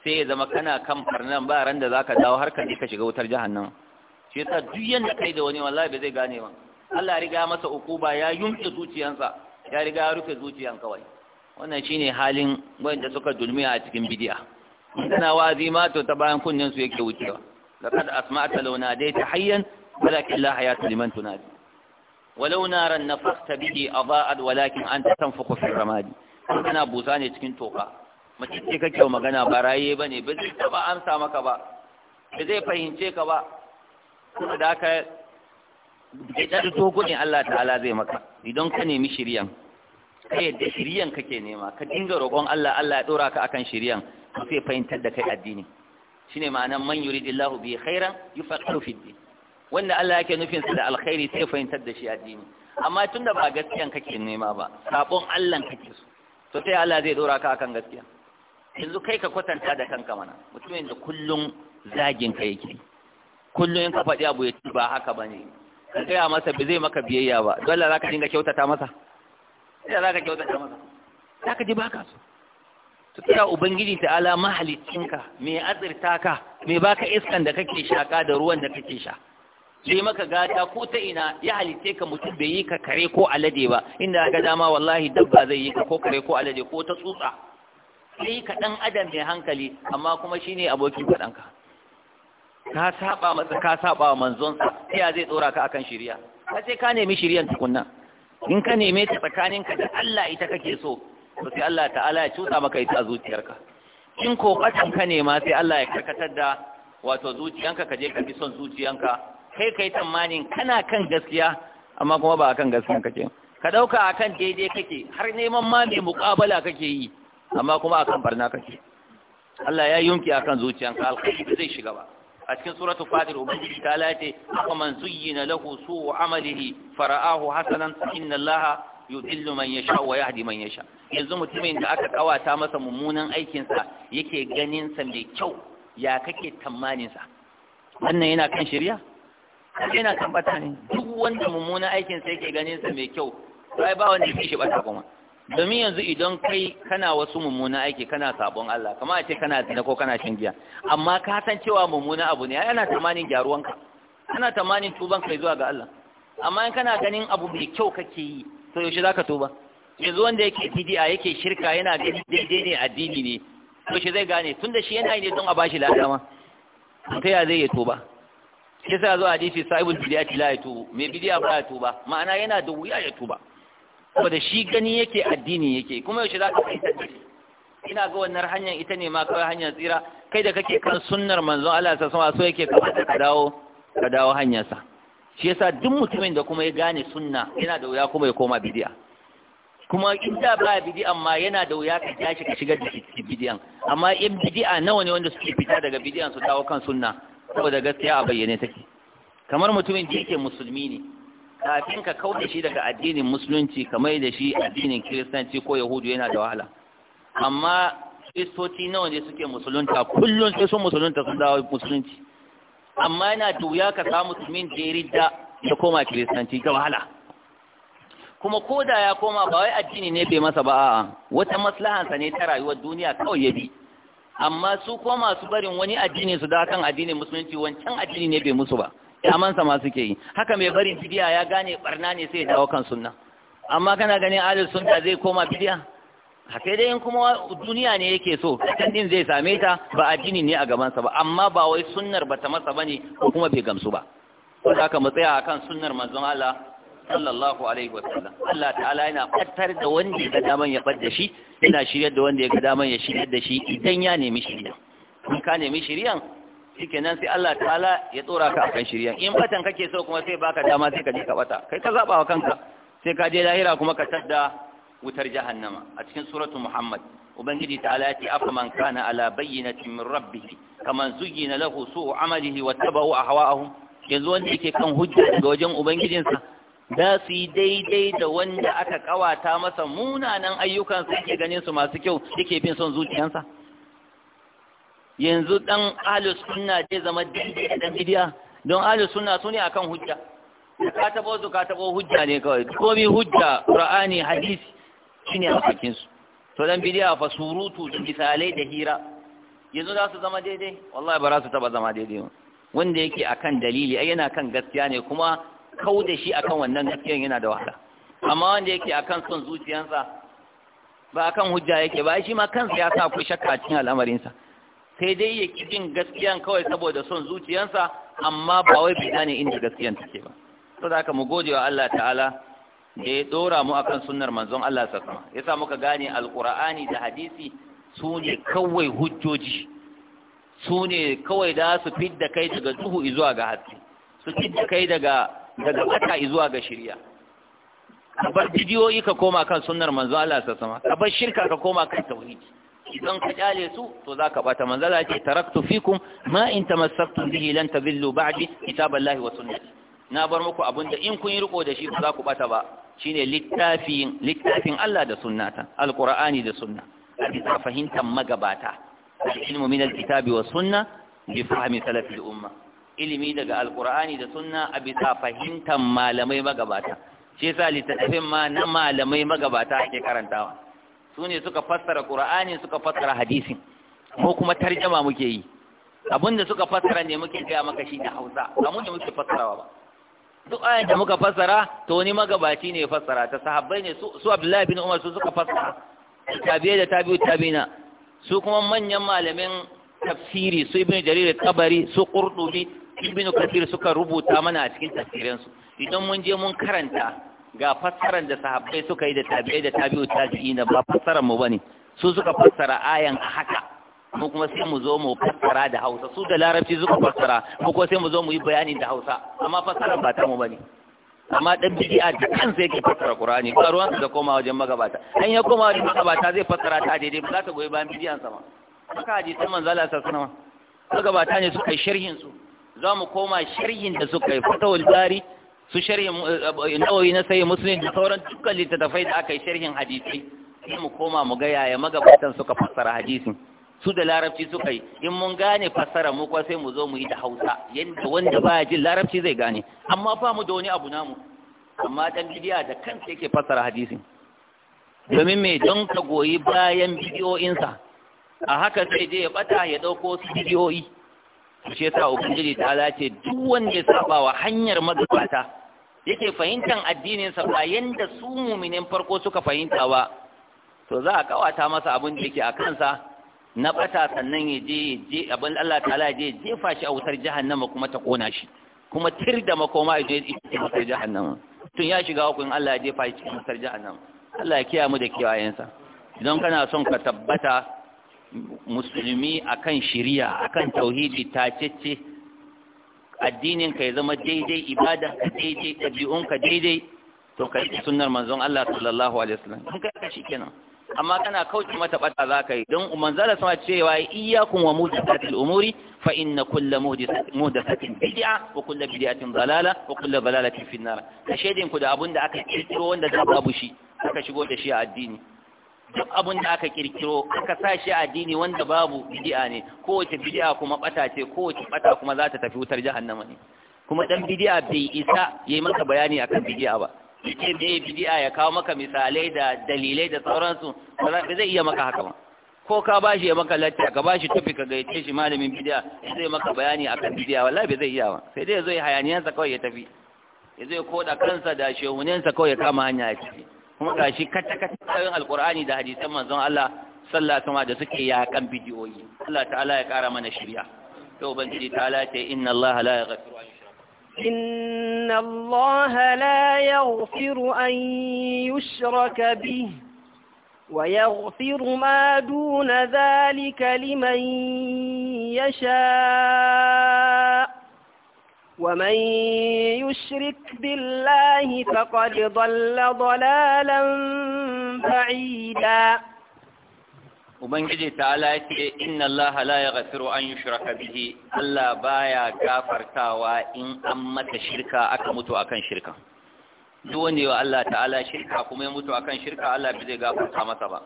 B: sai ya zama kana kan barna ba ran da zaka dawo har ka shiga wutar jahannama shi yasa duk yanda kai da wani wallahi ba zai gane ba Allah riga masa ukuba ya yumke zuciyansa ya riga ya rufe zuciyan kawai wannan shine halin wanda suka dulmiya a cikin bidiya tana wazi ma to ta bayan kunnen su yake wucewa laqad asma'ta law ta hayyan walakin la hayata liman tunadi walau naran nafakhta bihi adaa'at walakin anta tanfukhu fi ramadi kana busa ne cikin toka mace ce kake magana ba raye bane ba zai taba amsa maka ba ba zai fahimce ka ba kuma da da dogo ne Allah ta'ala zai maka idan ka nemi shiryan ka yadda shiryan kake nema ka dinga roƙon Allah Allah ya dora ka akan shiryan ka sai fahimtar da kai addini shine ma'anar man yuridillahu bi khairan yufaqihu fi din wanda Allah yake nufin sa da alkhairi sai fahimtar da shi addini amma tunda ba gaskiyan kake nema ba sabon Allah kake so to sai Allah zai dora ka akan gaskiya yanzu kai ka kwatanta da kanka mana mutumin da kullum zagin ka yake kullum in ka faɗi abu ya ci ba haka bane ka gaya masa ba zai maka biyayya ba dole za ka dinga kyautata masa ina za ka kyautata masa za ka ji baka so to kira ubangiji ta'ala mahalicinka me azirta ka me baka iskan da kake shaka da ruwan da kake sha sai maka gata ko ta ina ya halitte ka mutum bai yi ka kare ko alade ba inda ga dama wallahi dabba zai yi ka ko kare ko alade ko ta tsutsa sai ka dan adam mai hankali amma kuma shine abokin ka. ka saba masa ka saba wa manzonsa ya zai tsora ka akan shiriya ka sai ka nemi shiriyan tukunna
C: in ka neme ta
B: tsakaninka da Allah ita kake so to sai Allah ta'ala ya cuta maka ita a zuciyarka in ko batan ka nema sai Allah ya karkatar da wato zuciyanka ka je ka bi son zuciyanka kai kai tsammanin kana kan gaskiya amma kuma ba akan gaskiya kake ka dauka akan daidai kake har neman ma mai muƙabala kake yi amma kuma akan barna kake Allah ya yunki akan zuciyanka alkhairi zai shiga ba a cikin suratul fatir ubangiji ta lace aka man suyyina lahu su'u amalihi fara'ahu hasanan inna allaha yudillu man yasha wa yahdi man yasha yanzu mutumin da aka kawata masa mummunan aikin sa yake ganin sa mai kyau ya kake tamanin sa
C: wannan yana kan
B: shari'a yana kan bata ne duk wanda mummunan aikin sa yake ganin sa mai kyau sai ba wanda yake shi bata kuma domin yanzu idan kai kana wasu mummuna aiki kana sabon Allah kama a ce kana zina ko kana shan giya amma ka san cewa mummuna abu ne ana tamanin gyaruwanka ana tamanin tuban kai zuwa ga Allah amma in kana ganin abu mai kyau kake yi to yaushe zaka tuba yanzu wanda yake bid'a yake shirka yana daidai ne addini ne yaushe zai gane tunda shi yana yi ne don a bashi ladama ta ya zai ya tuba kisa zuwa zo hadisi sahibul bid'a la yatubu mai bidiya ba ya tuba ma'ana yana da wuya ya tuba da shi gani yake addini yake kuma yaushe za ka fahimta da shi ina ga wannan hanyar ita ne ma kawai hanyar tsira kai da kake kan sunnar manzon Allah sa sama so yake kamata ka dawo ka dawo sa shi yasa duk mutumin da kuma ya gane sunna yana da wuya kuma ya koma bid'a kuma in da ba bid'a amma yana da wuya ka tashi ka shiga cikin amma in bid'a nawa ne wanda suke fita daga bid'an su dawo kan sunna saboda gaskiya a bayyane take kamar mutumin da yake musulmi ne kafin ka kauda shi daga addinin musulunci kamar da shi addinin kiristanci ko yahudu yana da wahala amma kristoci nawa ne suke musulunta kullum sai sun musulunta sun dawo musulunci amma yana da wuya ka samu musulmin da ya ridda ya koma kiristanci ga wahala kuma ko da ya koma ba wai addini ne bai masa ba a'a wata maslahansa ne ta rayuwar duniya kawai ya bi amma su koma su barin wani addini su da kan addinin musulunci wancan addini ne bai musu ba amansa ma suke yi haka mai barin bidiya ya gane barna ne sai ya dawo kan sunna amma kana ganin ahlus sunna zai koma bidiya haka dai in kuma duniya ne yake so dan din zai same ta ba addini ne a gabansa ba amma ba wai sunnar ta masa bane ko kuma bai gamsu ba ko haka mu tsaya akan sunnar manzon Allah sallallahu alaihi wasallam Allah ta'ala yana fatar da wanda ya ga daman ya fadda shi yana shiryar da wanda ya ga daman ya shiryar da shi idan ya nemi shiriya in ka nemi shiriyan shikenan sai Allah ta'ala ya tsora ka akan shirya in batan kake so kuma sai baka dama sai ka je ka bata kai ka zaba wa kanka sai ka je lahira kuma ka tadda wutar jahannama a cikin suratu muhammad ubangiji ta'ala ya ce afaman kana ala bayyinatin min rabbih kaman zuyyina lahu su'u amalihi wattaba'u ahwa'ahum yanzu wanda yake kan hujja daga wajen ubangijinsa da su yi daidai da wanda aka kawata masa munanan su yake ganin su masu kyau yake bin son zuciyarsa? yanzu dan ahlus sunna zai zama daidai a dan bidiya don ahlus sunna su ne akan hujja ka tabo su ka tabo hujja ne kawai komi hujja qur'ani hadisi shine a cikin su to dan bidiya fa surutu da misalai da hira yanzu za su zama daidai wallahi ba za su taba zama daidai wanda yake akan dalili ai yana kan gaskiya ne kuma kau da shi akan wannan gaskiyan yana da wahala amma wanda yake akan son zuciyansa ba akan hujja yake ba shi ma kansa ya sa ku shakka cikin al'amarinsa sai dai ya ƙi jin gaskiyan kawai saboda son zuciyansa amma ba wai bai inda gaskiyan take ba to da haka mu gode wa Allah ta'ala da ya dora mu akan sunnar manzon Allah Sassama. Ya sa muka gane alqur'ani da hadisi su ne kawai hujjoji su ne kawai da su fidda kai daga duhu zuwa ga hatsi su fidda kai daga daga bata zuwa ga shirya ka bar bidiyoyi ka koma kan sunnar manzon Allah Sassama. ka bar shirka ka koma kan tauhidi idan ka kyale su to za ka bata manzala ce taraktu fikum ma in tamassaktum bihi lan tadillu ba'di kitaballahi wa sunnati na bar muku abinda in kun yi riko da shi ba za ku bata ba shine littafin littafin Allah da sunnata alqur'ani da sunna a bisa fahimtar magabata ilmu min alkitabi wa sunna bi fahmi salafi umma ilimi daga alqur'ani da sunna a bisa fahimtar malamai magabata shi yasa littafin ma na malamai magabata ake karantawa su ne suka fassara ƙura'ani suka fassara hadisin ko kuma tarjama muke yi abinda suka fassara ne muke gaya maka shi da Hausa mu ne muke fassarawa ba duk ayan da muka fassara to wani magabaci ne fassara ta sahabbai ne su Abdullahi bin Umar su suka fassara tabi'ai da tabi'u tabina su kuma manyan malamin tafsiri su Ibn Jarir al-Tabari su Qurtubi Ibn Kathir suka rubuta mana a cikin tafsirin su idan mun je mun karanta ga fassarar da sahabbai suka yi da tabi'ai da tabi'u na ba fassarar mu bane su suka fassara ayan a haka mu kuma sai mu zo mu fassara da Hausa su da Larabci suka fassara mu kuma sai mu zo mu yi bayani da Hausa amma fassarar ba ta mu bane amma dan bid'a da sai yake fassara Qur'ani ba ruwan da koma wajen magabata an ya koma wajen magabata zai fassara ta daidai ba za ta goyi bayan bid'an sa ma haka sai manzo Allah sallallahu alaihi wasallam magabata ne suka yi sharhin su za mu koma sharhin da suka yi fatawul bari su shari'a eh, eh, nawoyi na sayi muslim da sauran dukkan littattafai da aka yi sharhin hadisi sai mu koma mu ga yaya magabatan suka fassara hadisin su da larabci suka yi in mun gane fassara mu kuwa sai mu zo mu yi da hausa yadda wanda baya jin larabci zai gane amma fa mu da wani abu namu amma dan bidiya da kansa yake fassara hadisin domin me don ka goyi bayan bidiyoyinsa a haka sai je ya bata ya dauko su bidiyoyi shi yasa ubangiji ta lace duk wanda ya saba wa hanyar magabata yake fahimtar addinin sa ba yanda su muminin farko suka fahimta ba to za a kawata masa abin da yake a kansa na bata sannan ya je je abin Allah ta'ala ya je ya jefa shi a wutar jahannama kuma ta kona shi kuma tir da makoma ya je wutar jahannama tun ya shiga hukun Allah ya jefa shi cikin wutar jahannama Allah ya kiyaye mu da kiyayensa idan kana son ka tabbata musulmi akan shiriya akan tauhidi ta tacece addinin ka ya zama daidai ibada daidai ɗabi'un daidai to ka yi sunnar manzon Allah sallallahu alaihi wasallam in ka kashi kenan amma kana kauce mata bata za ka yi don manzala sama cewa iyyakum wa muhdathatil umuri fa inna kulla muhdathatin bid'a wa kulla bid'atin dalala wa kulla dalalatin fi nar ka shedin ku da abun da aka kirkiro wanda da babu shi aka shigo da shi a addini duk abin da aka kirkiro aka sa shi addini wanda babu bid'a ne kowace bid'a kuma bata ce kowace bata kuma za ta tafi wutar jahannama ne kuma dan bid'a bai isa yayi maka bayani akan bid'a ba yace me bid'a ya kawo maka misalai da dalilai da sauransu ba zai iya maka haka ba ko ka bashi ya maka latti ka bashi tufi ka gaice shi malamin bid'a zai maka bayani akan bid'a wallahi zai iya ba sai dai yazo ya hayaniyansa kawai ya tafi yazo ya koda kansa da shehunensa kawai ya kama hanya ya tafi kuma gashi kata kata ayoyin alqur'ani da hadisan manzon Allah sallallahu alaihi da suke yakan bidiyoyi Allah ta'ala ya kara mana shiriya to ubangiji ta'ala ce inna Allah la yaghfiru an
A: إن الله لا يغفر أن يشرك به ويغفر ما دون ذلك لمن يشاء ومن يشرك بالله فقد ضل ضلالا بعيدا
B: Ubangiji ta'ala ce inna Allah la yaghfiru an yi yushraka bihi Allah baya gafartawa in an mata shirka aka mutu akan shirka duk wanda yawa Allah ta'ala shirka kuma ya mutu akan shirka Allah bai zai gafarta masa ba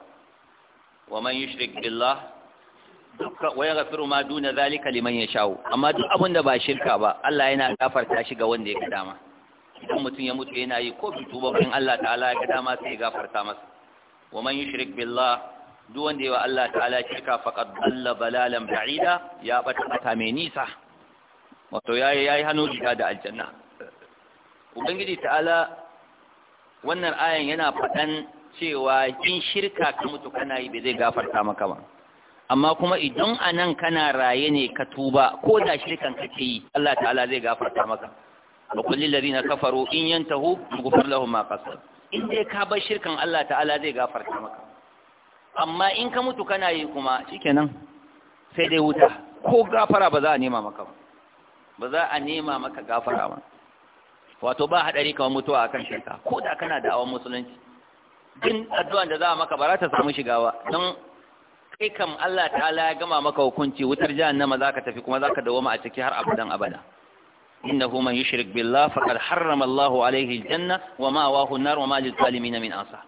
B: wa man yushrik billah wa yaghfiru ma duna zalika liman ya yasha'u amma duk abinda ba shirka ba Allah yana gafarta shi ga wanda ya ga dama idan mutum ya mutu yana yi ko bi tuba bayan Allah ta'ala ya dama sai ya gafarta masa wa man yushrik billah duk wanda yawa Allah ta'ala shirka faqad dalla balalan ba'ida ya bata bata mai nisa wato yayi yayi hannu jiga da aljanna ubangiji ta'ala wannan ayan yana fadan cewa kin shirka ka mutu kana yi bai zai gafarta maka ba amma kuma idan anan kana raye ne ka tuba ko da shirkan kake yi Allah ta'ala zai gafarta maka wa kulli ladina kafaru in yantahu yughfar lahum ma qasad in dai ka bar shirkan Allah ta'ala zai gafarta maka amma in ka mutu kana yi kuma shikenan sai dai wuta ko gafara ba za a nema maka ba za a nema maka gafara ba wato ba hadari kamar mutuwa akan shirka ko da kana da awon musulunci din addu'an da za a maka ba za ta samu shigawa don kai kam Allah ta'ala ya gama maka hukunci wutar jahannama za ka tafi kuma za ka ma a ciki har abadan abada إنه من يشرك بالله فقد حرم الله عليه الجنة وما واه النار وما للظالمين من أنصار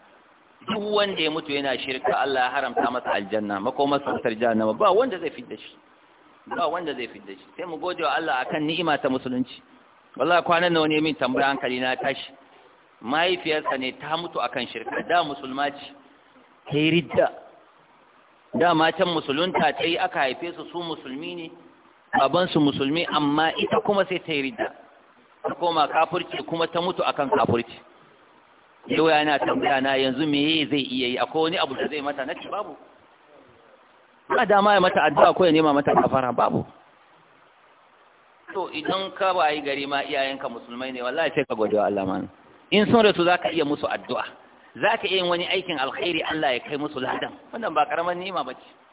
B: duk wanda ya mutu yana shirka Allah ya haramta masa aljanna makoma sautar jahannama ba wanda zai fidda shi ba wanda zai fidda shi sai mu gode wa Allah akan ni'ima ta musulunci wallahi kwanan nawa ne min tambaya hankali na tashi mahaifiyarsa ne ta mutu akan shirka da musulma ce ta yi ridda da matan musulunta ta yi aka haife su su musulmi ne babansu musulmi amma ita kuma sai ta yi ridda ta koma kafurci kuma ta mutu akan kafurci yau yana tambaya na yanzu me zai iya yi akwai wani abu da zai mata nake babu ba dama ya mata addu'a ko ya nema mata kafara babu to idan ka ba yi gari ma iyayenka musulmai ne wallahi sai ka gode wa Allah mana in sun rasu zaka iya musu addu'a zaka iya yin wani aikin alkhairi Allah ya kai musu ladan wannan ba karaman ni'ima bace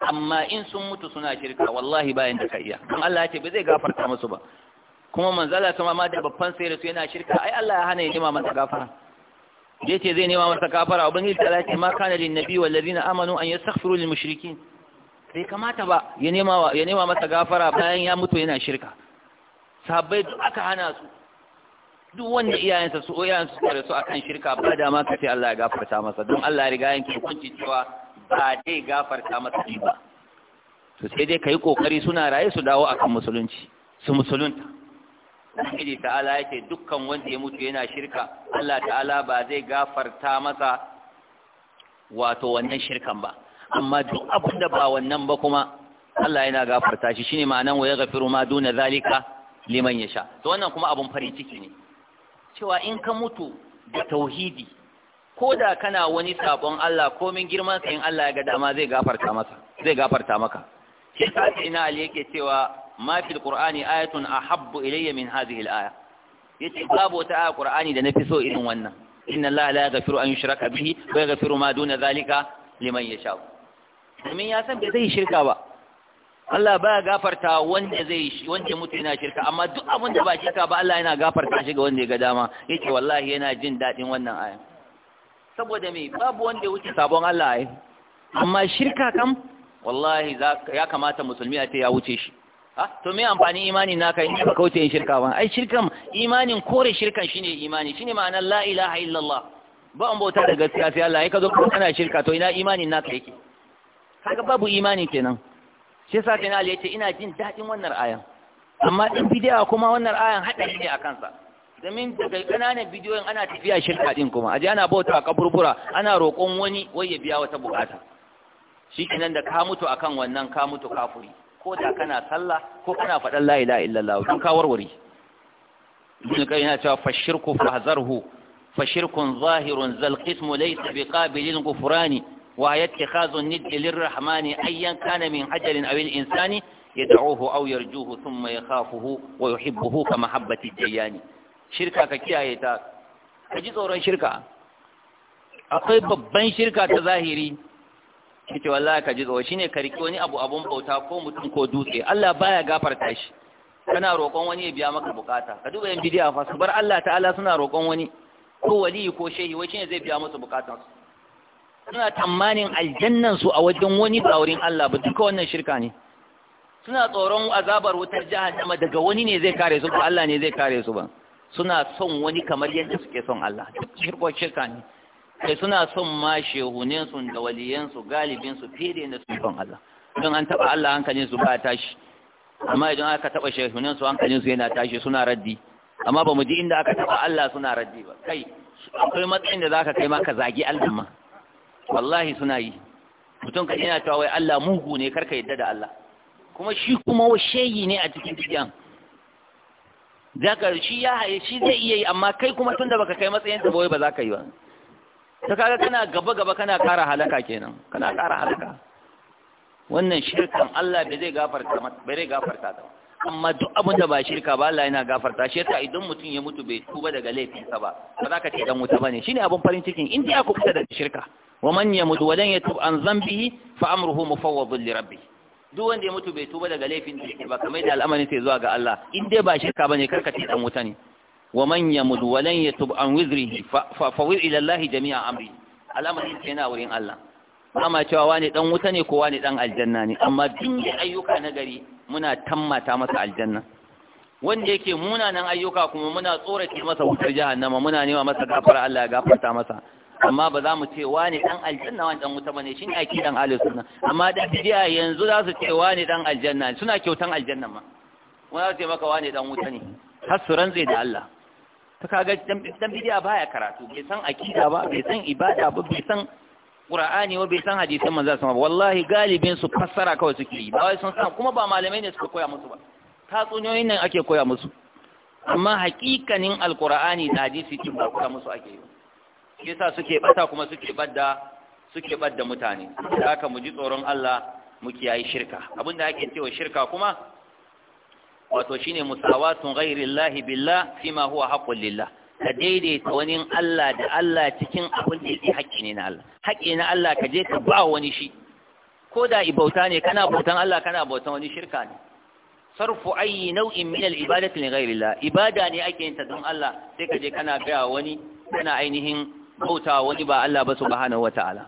B: amma in sun mutu suna shirka wallahi bayan da ka iya don Allah ya ce ba zai gafarta musu ba kuma manzala sama ma da babban sai su yana shirka ai Allah ya hana ya nema masa gafara da ce zai nema masa gafara ubangiji ta ce ma kana lin nabi wal ladina amanu an yastaghfiru lil mushrikin sai kamata ba ya nema ya nema masa gafara bayan ya mutu yana shirka sahabbai duk aka hana su duk wanda iyayensa su iyayensu su rasu akan shirka ba da ma ka ce Allah ya gafarta masa don Allah ya riga yanke hukunci cewa ba dai gafarta masa ba to sai dai ka yi ƙoƙari suna raye su dawo akan musulunci su musulunta ubangiji ta'ala ya ce dukkan wanda ya mutu yana shirka Allah ta'ala ba zai gafarta masa wato wannan shirkan ba amma duk abin da ba wannan ba kuma Allah yana gafarta shi shine ma'anan wa yaghfiru ma duna zalika liman yasha to wannan kuma abun farin ciki ne cewa in ka mutu da tauhidi Koda kana wani sabon Allah komin girman sa in Allah ya ga dama zai gafarta masa zai gafarta maka shi ka ina ali yake cewa ma fil qur'ani ayatun ahabbu ilayya min hadhihi al aya yace babu wata aya qur'ani da nafi so irin wannan inna allaha la yaghfiru an yushraka bihi wa yaghfiru ma duna zalika liman yasha domin ya san bai zai shirka ba Allah ba ya gafarta wanda zai wanda mutu yana shirka amma duk abin da ba shirka ba Allah yana gafarta shi ga wanda ya ga dama yace wallahi yana jin dadin wannan aya saboda me babu wanda ya wuce sabon Allah ai amma shirka kam wallahi ya kamata musulmi a ce ya wuce shi ha ah, to me amfani imani naka in ka kauce yin shirka ba ai shirkan imanin kore shirkan shine imani shine ma'anar la ilaha illallah ba an bauta da gaskiya sai Allah ai ka zo kana shirka to ina imanin naka yake kaga babu imani kenan shi yasa kenan Ali yace ina jin dadin wannan ayan amma din bid'a kuma wannan ayan hadari ne akan sa domin daga ƙananan bidiyoyin ana tafiya shirka ɗin kuma aje ana bauta a kaburbura ana roƙon wani wai ya biya wata bukata shikenan da ka mutu akan wannan ka mutu kafuri ko da kana sallah ko kana faɗan la ilaha illallah don ka warware ibn kai yana cewa fashirku fahzarhu fashirkun zahirun zal qismu laysa biqabilin ghufrani wa yattakhazu nid lirrahmani ayyan kana min hajarin aw insani yad'uhu aw yarjuhu thumma yakhafuhu wa yuhibbuhu ka mahabbati jayani shirka ka kiyaye ta ka ji tsoron shirka akwai babban shirka ta zahiri kace wallahi ka ji tsoro shine ka riki wani abu abun bauta ko mutum ko dutse Allah baya gafarta shi kana roƙon wani ya biya maka bukata ka duba yan bidiya fa su bar Allah ta'ala suna roƙon wani ko wali ko shehi wai shine zai biya musu bukata suna tamanin aljannan su a wajen wani ba wurin Allah ba duka wannan shirka ne suna tsoron azabar wutar jahannama daga wani ne zai kare su ba Allah ne zai kare su ba suna son wani kamar yadda suke son Allah duk shirko shirka ne kai suna son ma shehuninsu da waliyansu galibinsu fiye da yadda suke son Allah don an taɓa Allah hankalin su ba tashi amma idan aka taɓa hankalin su yana tashi suna raddi amma ba mu ji inda aka taɓa Allah suna raddi ba kai akwai matsayin da za ka kai ma ka zagi Allah ma wallahi suna yi mutum ka yana tawai Allah mugu ne karka yadda da Allah kuma shi kuma shehi ne a cikin dukiyan zaka shi ya haye shi zai iya yi amma kai kuma tunda baka kai matsayin sa ba za ka yi ba ta kaga kana gaba gaba kana kara halaka kenan kana kara halaka wannan shirkan Allah bai zai gafarta bai zai gafarta amma duk abin da ba shirka ba Allah yana gafarta shi yasa idan mutum ya mutu bai tuba daga laifinsa ba ba za ka ce dan wuta bane shine abin farin cikin in dai aka daga shirka wa man mutu wa lan yatub an zambihi fa amruhu mufawwadun li rabbih duk wanda ya mutu bai tuba daga laifin da ba kamar da al'amarin sai zuwa ga Allah in dai ba shirka bane karka ce dan wuta ne wa man yamud wa lan yatub an wizrihi fa fa ila Allah jami'a amri al'amarin sai yana wurin Allah amma cewa wani dan wuta ne ko wani dan aljanna ne amma duk ayyuka na gari muna tammata masa aljanna wanda yake munanan ayyuka kuma muna tsorace masa wutar jahannama muna nema masa gafara Allah ya gafarta masa amma ba za mu ce wani dan aljanna wani dan wuta bane shine ɗan ahlus sunna amma da jiya yanzu za su ce wani dan aljanna suna kyautan aljanna ma wani za su ce maka wani dan wuta ne har su rantse da Allah ta kaga dan bidiya baya karatu bai san akida ba bai san ibada ba bai san Qur'ani ba bai san hadisin manzo sama ba wallahi galibin su fassara kawai suke yi ba wai sun san kuma ba malamai ne suka koya musu ba tatsuniyoyin nan ake koya musu amma hakikanin alqur'ani da hadisi tun ba koya musu ake yi shi yasa suke bata kuma suke badda suke badda mutane haka mu ji tsoron Allah mu kiyaye shirka abinda ake cewa shirka kuma wato shine musawatun ghairi Allah billah fima huwa haqqul lillah ka daidaita wani Allah da Allah cikin abin da yake haƙƙi ne na Allah haƙƙi na Allah ka je ka ba wani shi ko da ibauta ne kana bautan Allah kana bautan wani shirka ne sarfu ayi nau'in min al-ibadati li ghayri Allah ibada ne ake yin ta don Allah sai ka je kana ga wani kana ainihin bauta wani ba Allah ba subhanahu wataala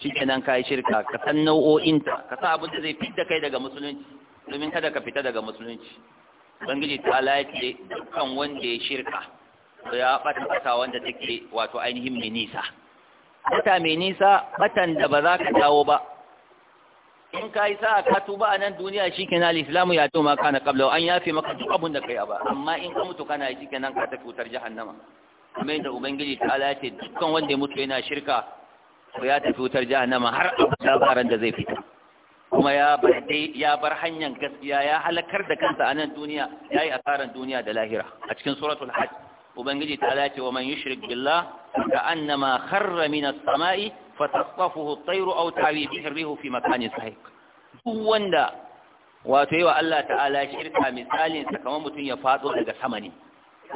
B: shikenan kai shirka ka san nau'o'in ta ka sa abin da zai fitta kai daga musulunci domin kada ka fita daga musulunci Bangiji ta lace dukkan wanda ya shirka to ya bata bata wanda take wato ainihin mai nisa bata mai nisa batan da ba za ka dawo ba in ka yi sa'a ka tuba a nan duniya shi kenan al'islamu ya to ma kana kabla an yafe maka duk abin da kai a ba amma in ka mutu kana yi shi kenan ka tafi wutar jahannama kamar da ubangiji ta ala dukkan wanda ya mutu yana shirka to ya tafi wutar jahannama har abada baran da zai fita kuma ya bar ya bar hanyar gaskiya ya halakar da kansa a nan duniya ya yi asaran duniya da lahira a cikin suratul hajj ubangiji ta ala ce wa man yushrik billah ka annama kharra min as-sama'i fatasqafuhu at-tayru aw tawi bihi rihu fi makanin sahih duk wanda wato yi wa Allah ta'ala shirka misalin sakamakon mutum ya faɗo daga sama ne,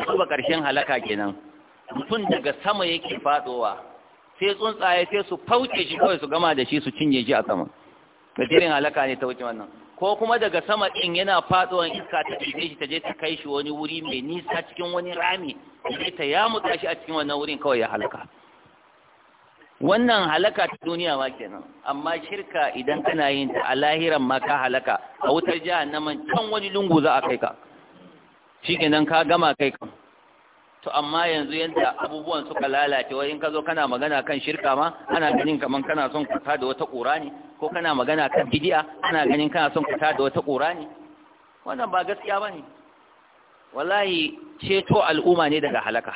B: su ba ƙarshen halaka kenan. mutum daga sama yake fadowa, sai tsuntsaye sai su fauke shi kawai su gama da shi su cinye shi a sama da jirin halaka ne ta wuce wannan ko kuma daga sama ɗin yana fadowa iska ta ɗige shi ta je ta kai shi wani wuri mai nisa cikin wani rami sai ta yamutsa shi a cikin wannan wurin kawai ya halaka wannan halaka ta duniya ma kenan amma shirka idan kana yin ta a lahiran ma ka halaka a wutar jahannaman can wani lungu za a kai ka Shi kenan ka gama kai ka to amma yanzu yadda abubuwan suka lalace wai in ka zo kana magana kan shirka ma ana ganin kaman kana son ka da wata ƙura ne ko kana magana kan bidiya ana ganin kana son ka da wata ƙura ne wannan ba gaskiya ba ne. wallahi ceto al'umma ne daga halaka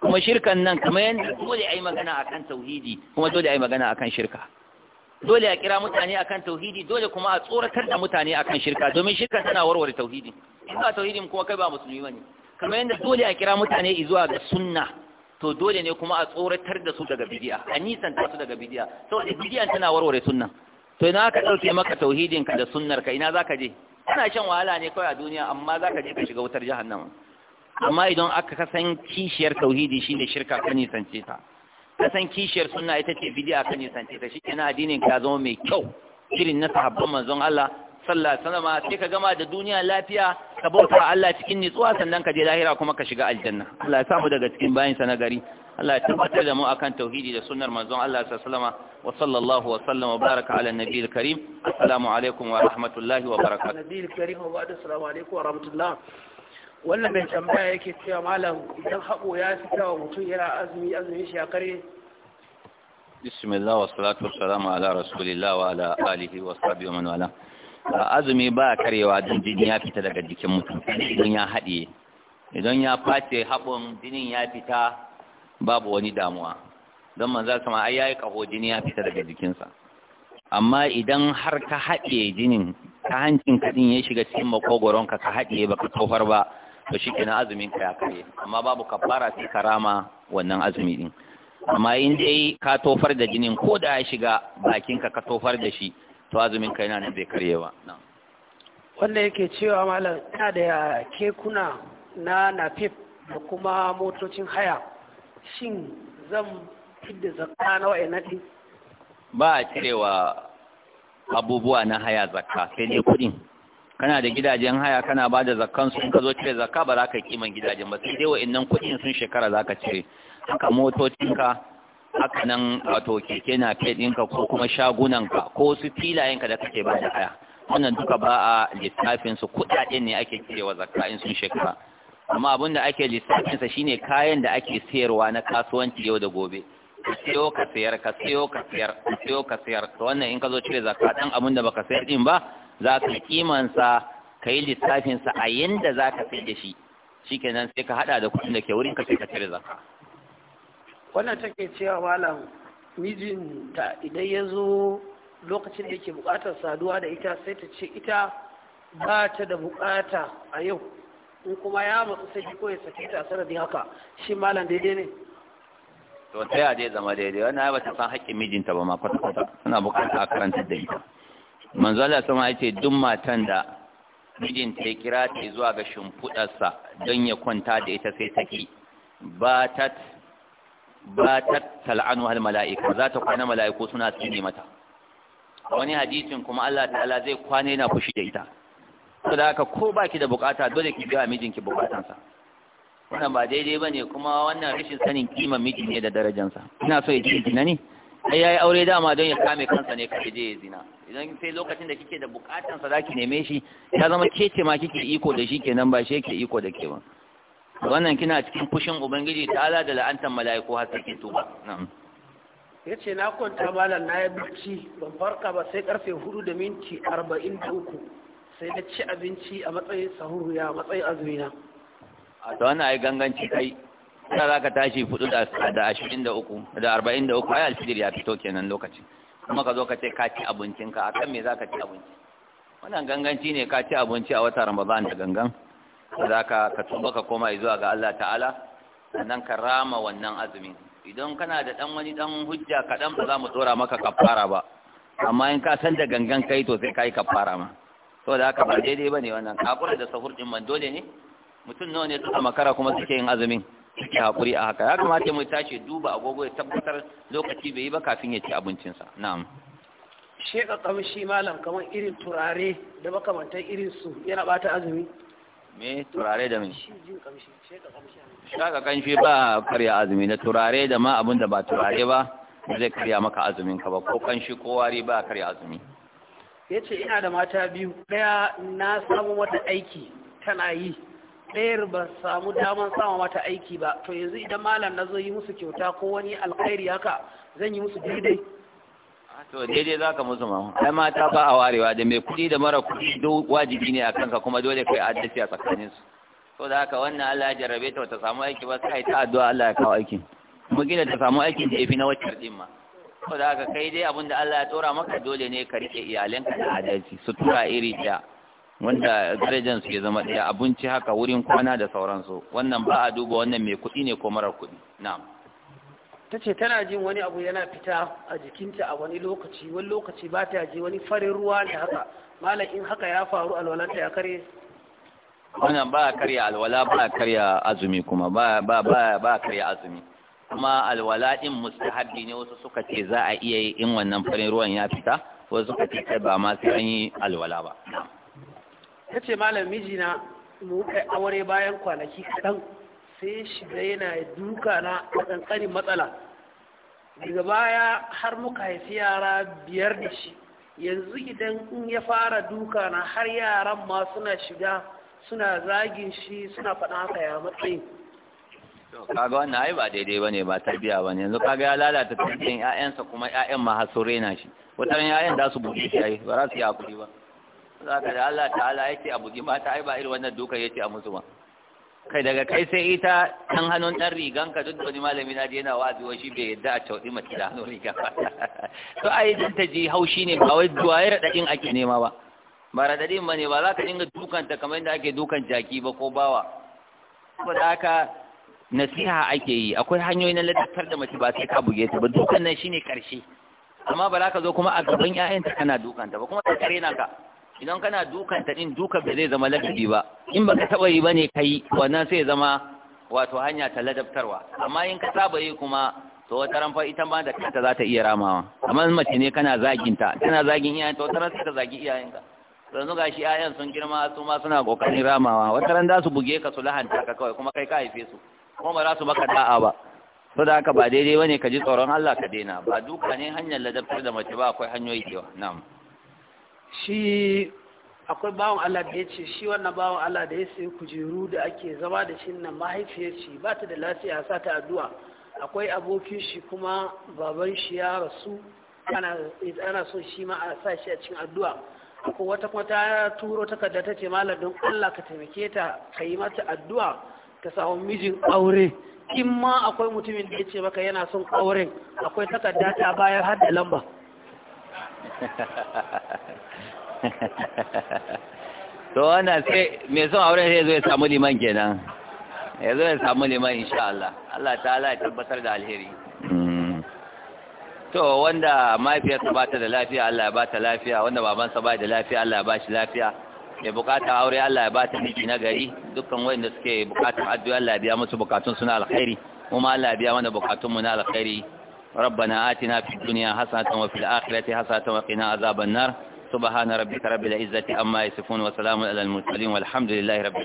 B: kuma shirkan nan kamar yadda dole a yi magana a kan tauhidi kuma dole a yi magana a kan shirka dole a kira mutane a kan tauhidi dole kuma a tsoratar da mutane a kan shirka domin shirka tana warware tauhidi in ba tauhidin kuma kai ba musulmi ba ne. kamar yadda dole a kira mutane zuwa ga sunna to dole ne kuma a tsoratar da su daga bidiya a nisanta su daga bidiya saboda bidiya tana warware sunna to ina ka ɗauke maka tauhidin ka da sunnar ka ina zaka je kana shan wahala ne kawai a duniya amma zaka je ka shiga wutar jahannama amma idan aka kasan kishiyar tauhidi shine shirka ka nisance ta kasan kishiyar sunna ita ce bidiya ka nisance ta na addinin ka zama mai kyau irin na sahabban manzon Allah sallallahu alaihi wasallam sai ka gama da duniya lafiya ka bauta Allah cikin nitsuwa sannan ka je lahira kuma ka shiga aljanna Allah ya samu daga cikin bayin sa na gari Allah ya tabbatar da mu akan tauhidi da sunnar manzon Allah sallallahu wa sallallahu wa sallam wa baraka ala nabiyil karim assalamu alaikum wa rahmatullahi wa barakatuh
D: nabiyil karim wa ba'da assalamu alaikum wa rahmatullah wannan mai tambaya yake cewa malam idan hako ya fita wa mutum yana azumi azumi shi ya kare
B: bismillah wa salatu wa salamu ala rasulillah wa ala alihi wa sahbihi wa man wala azumi ba karewa don jini ya fita daga jikin mutum idan ya haɗiye idan ya face haɓon jinin ya fita babu wani damuwa don manza sama ai yayi kaho jini ya fita daga jikinsa amma idan har ka haɗiye jinin ta hancin kaɗin ya shiga cikin makogoronka ka haɗiye ba ka tofar ba to shi kenan azumin ka ya karye amma babu ka fara sai karama wannan azumi din amma in dai ka tofar da jinin ko da ya shiga bakinka ka tofar da shi to azumin ka yana nan bai karye ba
D: wanda yake cewa malam ina da kekuna na nafif da kuma motocin haya shin zan fidda zakka na wa'annan din
B: ba a cirewa abubuwa na haya zakka sai dai kudin kana da gidajen haya kana ba da zakkan sun ka zo cire zakka ba za ka kiman gidajen ba sai dai nan kudin sun shekara za ka cire haka motocinka haka nan wato keke na ɗinka ko kuma shagunanka ko su filayenka da kake ba da haya wannan duka ba a lissafin su kuɗaɗen ne ake cirewa zakka in sun shekara amma abin da ake lissafin sa shine kayan da ake sayarwa na kasuwanci yau da gobe ka sayo ka sayar ka sayo ka sayar sayo ka sayar to wannan in ka zo cire zakka dan abin da baka sayar din ba za ka kiman sa ka lissafin sa a yanda za ka sayar da shi shikenan sai ka hada da kuɗin da ke wurin ka sai ka cire zakka
D: wannan take cewa malam mijinta idan ya zo lokacin da ke bukatar saduwa da ita sai ta ce ita ba ta da bukata a yau in kuma ya matsu sai ko ya saki ta sanadi haka shi malam daidai ne
B: to sai a dai zama daidai wannan ba bata san haƙƙin mijinta ba ma kwata kwata suna buƙatar a karantar da ita manzo Allah sama ya ce duk matan da mijinta ya kira ta zuwa ga shimfudarsa don ya kwanta da ita sai take ba ta ba ta tal'anu hal mala'ika za ta kwana mala'iku suna tsine mata wani hadisin kuma Allah ta'ala zai kwana yana fushi da ita saboda haka ko baki da bukata dole ki biya mijinki bukatansa wannan ba daidai bane kuma wannan rashin sanin kima miji ne da darajansa ina so ya ji zina ne ai yayi aure dama don ya kame kansa ne kai je ya zina idan sai lokacin da kike da bukatansa zaki neme shi ya zama kece ma kike iko da shi kenan ba shi yake iko da ke ba wannan kina cikin fushin ubangiji ta ala da la'antar mala'iku har take tuba
D: ya ce na kwanta malam na yi bacci ban farka ba sai karfe hudu da minti arba'in da uku sai na ci abinci a matsayin sahuru ya matsayin azumina
B: a ta wannan ai ganganci kai ta za ka tashi hudu da ashirin da uku da arba'in da uku ai alfijir ya fito kenan lokaci kuma ka zo ka ce ka ci abincinka a kan me za ka ci abinci wannan ganganci ne ka ci abinci a wata ramadan da gangan za ka ka tuba ka koma zuwa ga Allah ta'ala sannan ka rama wannan azumin idan kana da dan wani dan hujja kaɗan ba za mu tsora maka kafara ba amma in ka san da gangan kai to sai kai kafara ma to da haka ba daidai bane wannan hakuri da sahur din man dole ne mutum nawa ne suka makara kuma suke yin azumin suke hakuri a haka ya kamata mu tashi duba agogo ya tabbatar lokaci bai yi ba kafin ya ci abincinsa na'am
D: sheka kamshi malam kamar irin turare da makarantar irin su yana bata azumi me turare da
B: mai shaka kanshi ba karya azumi da turare da ma abin da ba turare ba
D: zai karya maka
B: azumin ka ba ko kanshi ko wari ba karya azumi
D: ya ce ina da mata biyu ɗaya na samu wata aiki tana yi ɗayar ba samu daman samu mata aiki ba to yanzu idan malam na zo yi musu kyauta ko wani alkhairi haka zan yi musu daidai
B: to daidai za ka musu mamu ai mata ba a warewa da mai kuɗi da mara kuɗi duk wajibi ne a kanka kuma dole kai adalci a tsakaninsu to da haka wannan Allah ya jarrabe ta ta samu aiki ba sai ta addu'a Allah ya kawo aikin kuma gina ta samu aikin da yafi na wacce din ma to da haka kai dai abinda Allah ya tsora maka dole ne ka rike iyalanka da adalci su tura iri ɗaya wanda darajar su ya zama ɗaya abinci haka wurin kwana da sauransu wannan ba a duba wannan mai kuɗi ne ko mara kuɗi na'am
D: ta ce tana jin wani abu yana fita a jikinta a wani lokaci wani lokaci ba ta ji wani farin ruwa ne haka malam in haka ya faru
A: alwalanta ya kare
B: wannan ba karya alwala ba karya azumi kuma ba ba karya azumi kuma alwala din mustahabi ne wasu suka ce za a iya yi in wannan farin ruwan ya fita wasu suka ce kai ba ma sai an yi alwala ba
D: ta ce malam mijina mu kai aure bayan kwanaki kaɗan sai shiga yana duka na a ƙanƙanin matsala daga baya har muka haifi yara biyar da shi yanzu idan in ya fara duka na har yaran ma suna shiga suna zagin shi suna faɗa haka ya matsayin
B: kaga wannan ai ba daidai bane ba tarbiya bane yanzu kaga ya lalata tarbiyyar ƴaƴansa kuma ƴaƴan ma har rena shi wata ran ƴaƴan za su buɗe shi ai ba za su yi hakuri ba zaka da Allah ta'ala yake a buɗe mata ai ba irin wannan duka yake a musu ba kai daga kai sai ita ɗan hannun ɗan rigan ka duk da wani malami na je yana zuwa wa shi bai yadda a cauɗi mace da hannun riga ba to ai dan ta ji haushi ne ba wai duwaye raɗaɗin ake nema ba ba raɗaɗin ba ne ba za ka dinga dukanta kamar yadda ake dukan jaki ba ko bawa saboda haka nasiha ake yi akwai hanyoyi na ladattar da mace ba sai ka buge ta ba dukan nan shine karshe amma ba za ka zo kuma a gaban 'ya'yanta kana dukanta ba kuma ta kare na ka idan kana dukan ta din dukan ba zai zama ladabi ba in baka taba yi bane kai wannan sai zama wato hanya ta ladabtarwa amma in ka saba yi kuma to wata ran fa ita ma da kanta za ta iya ramawa amma mace ne kana zagin ta Kana zagin iyayen ta wata ran sai ka zagi iyayenka yanzu gashi iyayen sun girma su ma suna kokarin ramawa wata ran za su buge ka su lahanta ka kawai kuma kai ka haife su kuma ba za su maka da'a ba to da haka ba daidai bane ka ji tsoron Allah ka daina ba duka ne hanyar ladabtar da mace ba akwai hanyoyi kewa na'am
D: shi akwai bawan Allah da ya ce shi wannan bawan Allah da ya sayi kujeru da ake zama da shi nan mahaifiyar shi ba ta da lafiya sa ta addu'a akwai abokin shi kuma baban shi ya rasu ana so shi ma a sa shi a cikin addu'a akwai wata kuma ta turo takarda ta ce malam don Allah ka taimake ta ka yi mata addu'a ta samu mijin aure in ma akwai mutumin da ya ce maka yana son auren akwai takarda ta bayar har da
C: lamba
B: to wanda sai mai son auren sai zo ya samu liman kenan ya zo ya samu liman insha Allah Allah ala ya tabbatar da alheri hmm. to wanda mahaifiyarsa ba ta da lafiya Allah ya ba ta lafiya wanda babansa ba da lafiya Allah ya ba shi lafiya mai bukata aure Allah ya ba ta miji na gari dukkan wanda suke bukatun addu'a Allah ya biya musu bukatun suna alkhairi kuma Allah ya biya mana bukatun mu na alkhairi ربنا آتنا في الدنيا حسنة وفي الآخرة حسنة وقنا عذاب النار subhana rabbika rabbil izzati amma yasifun wa salamun alal mursalin walhamdulillahi rabbil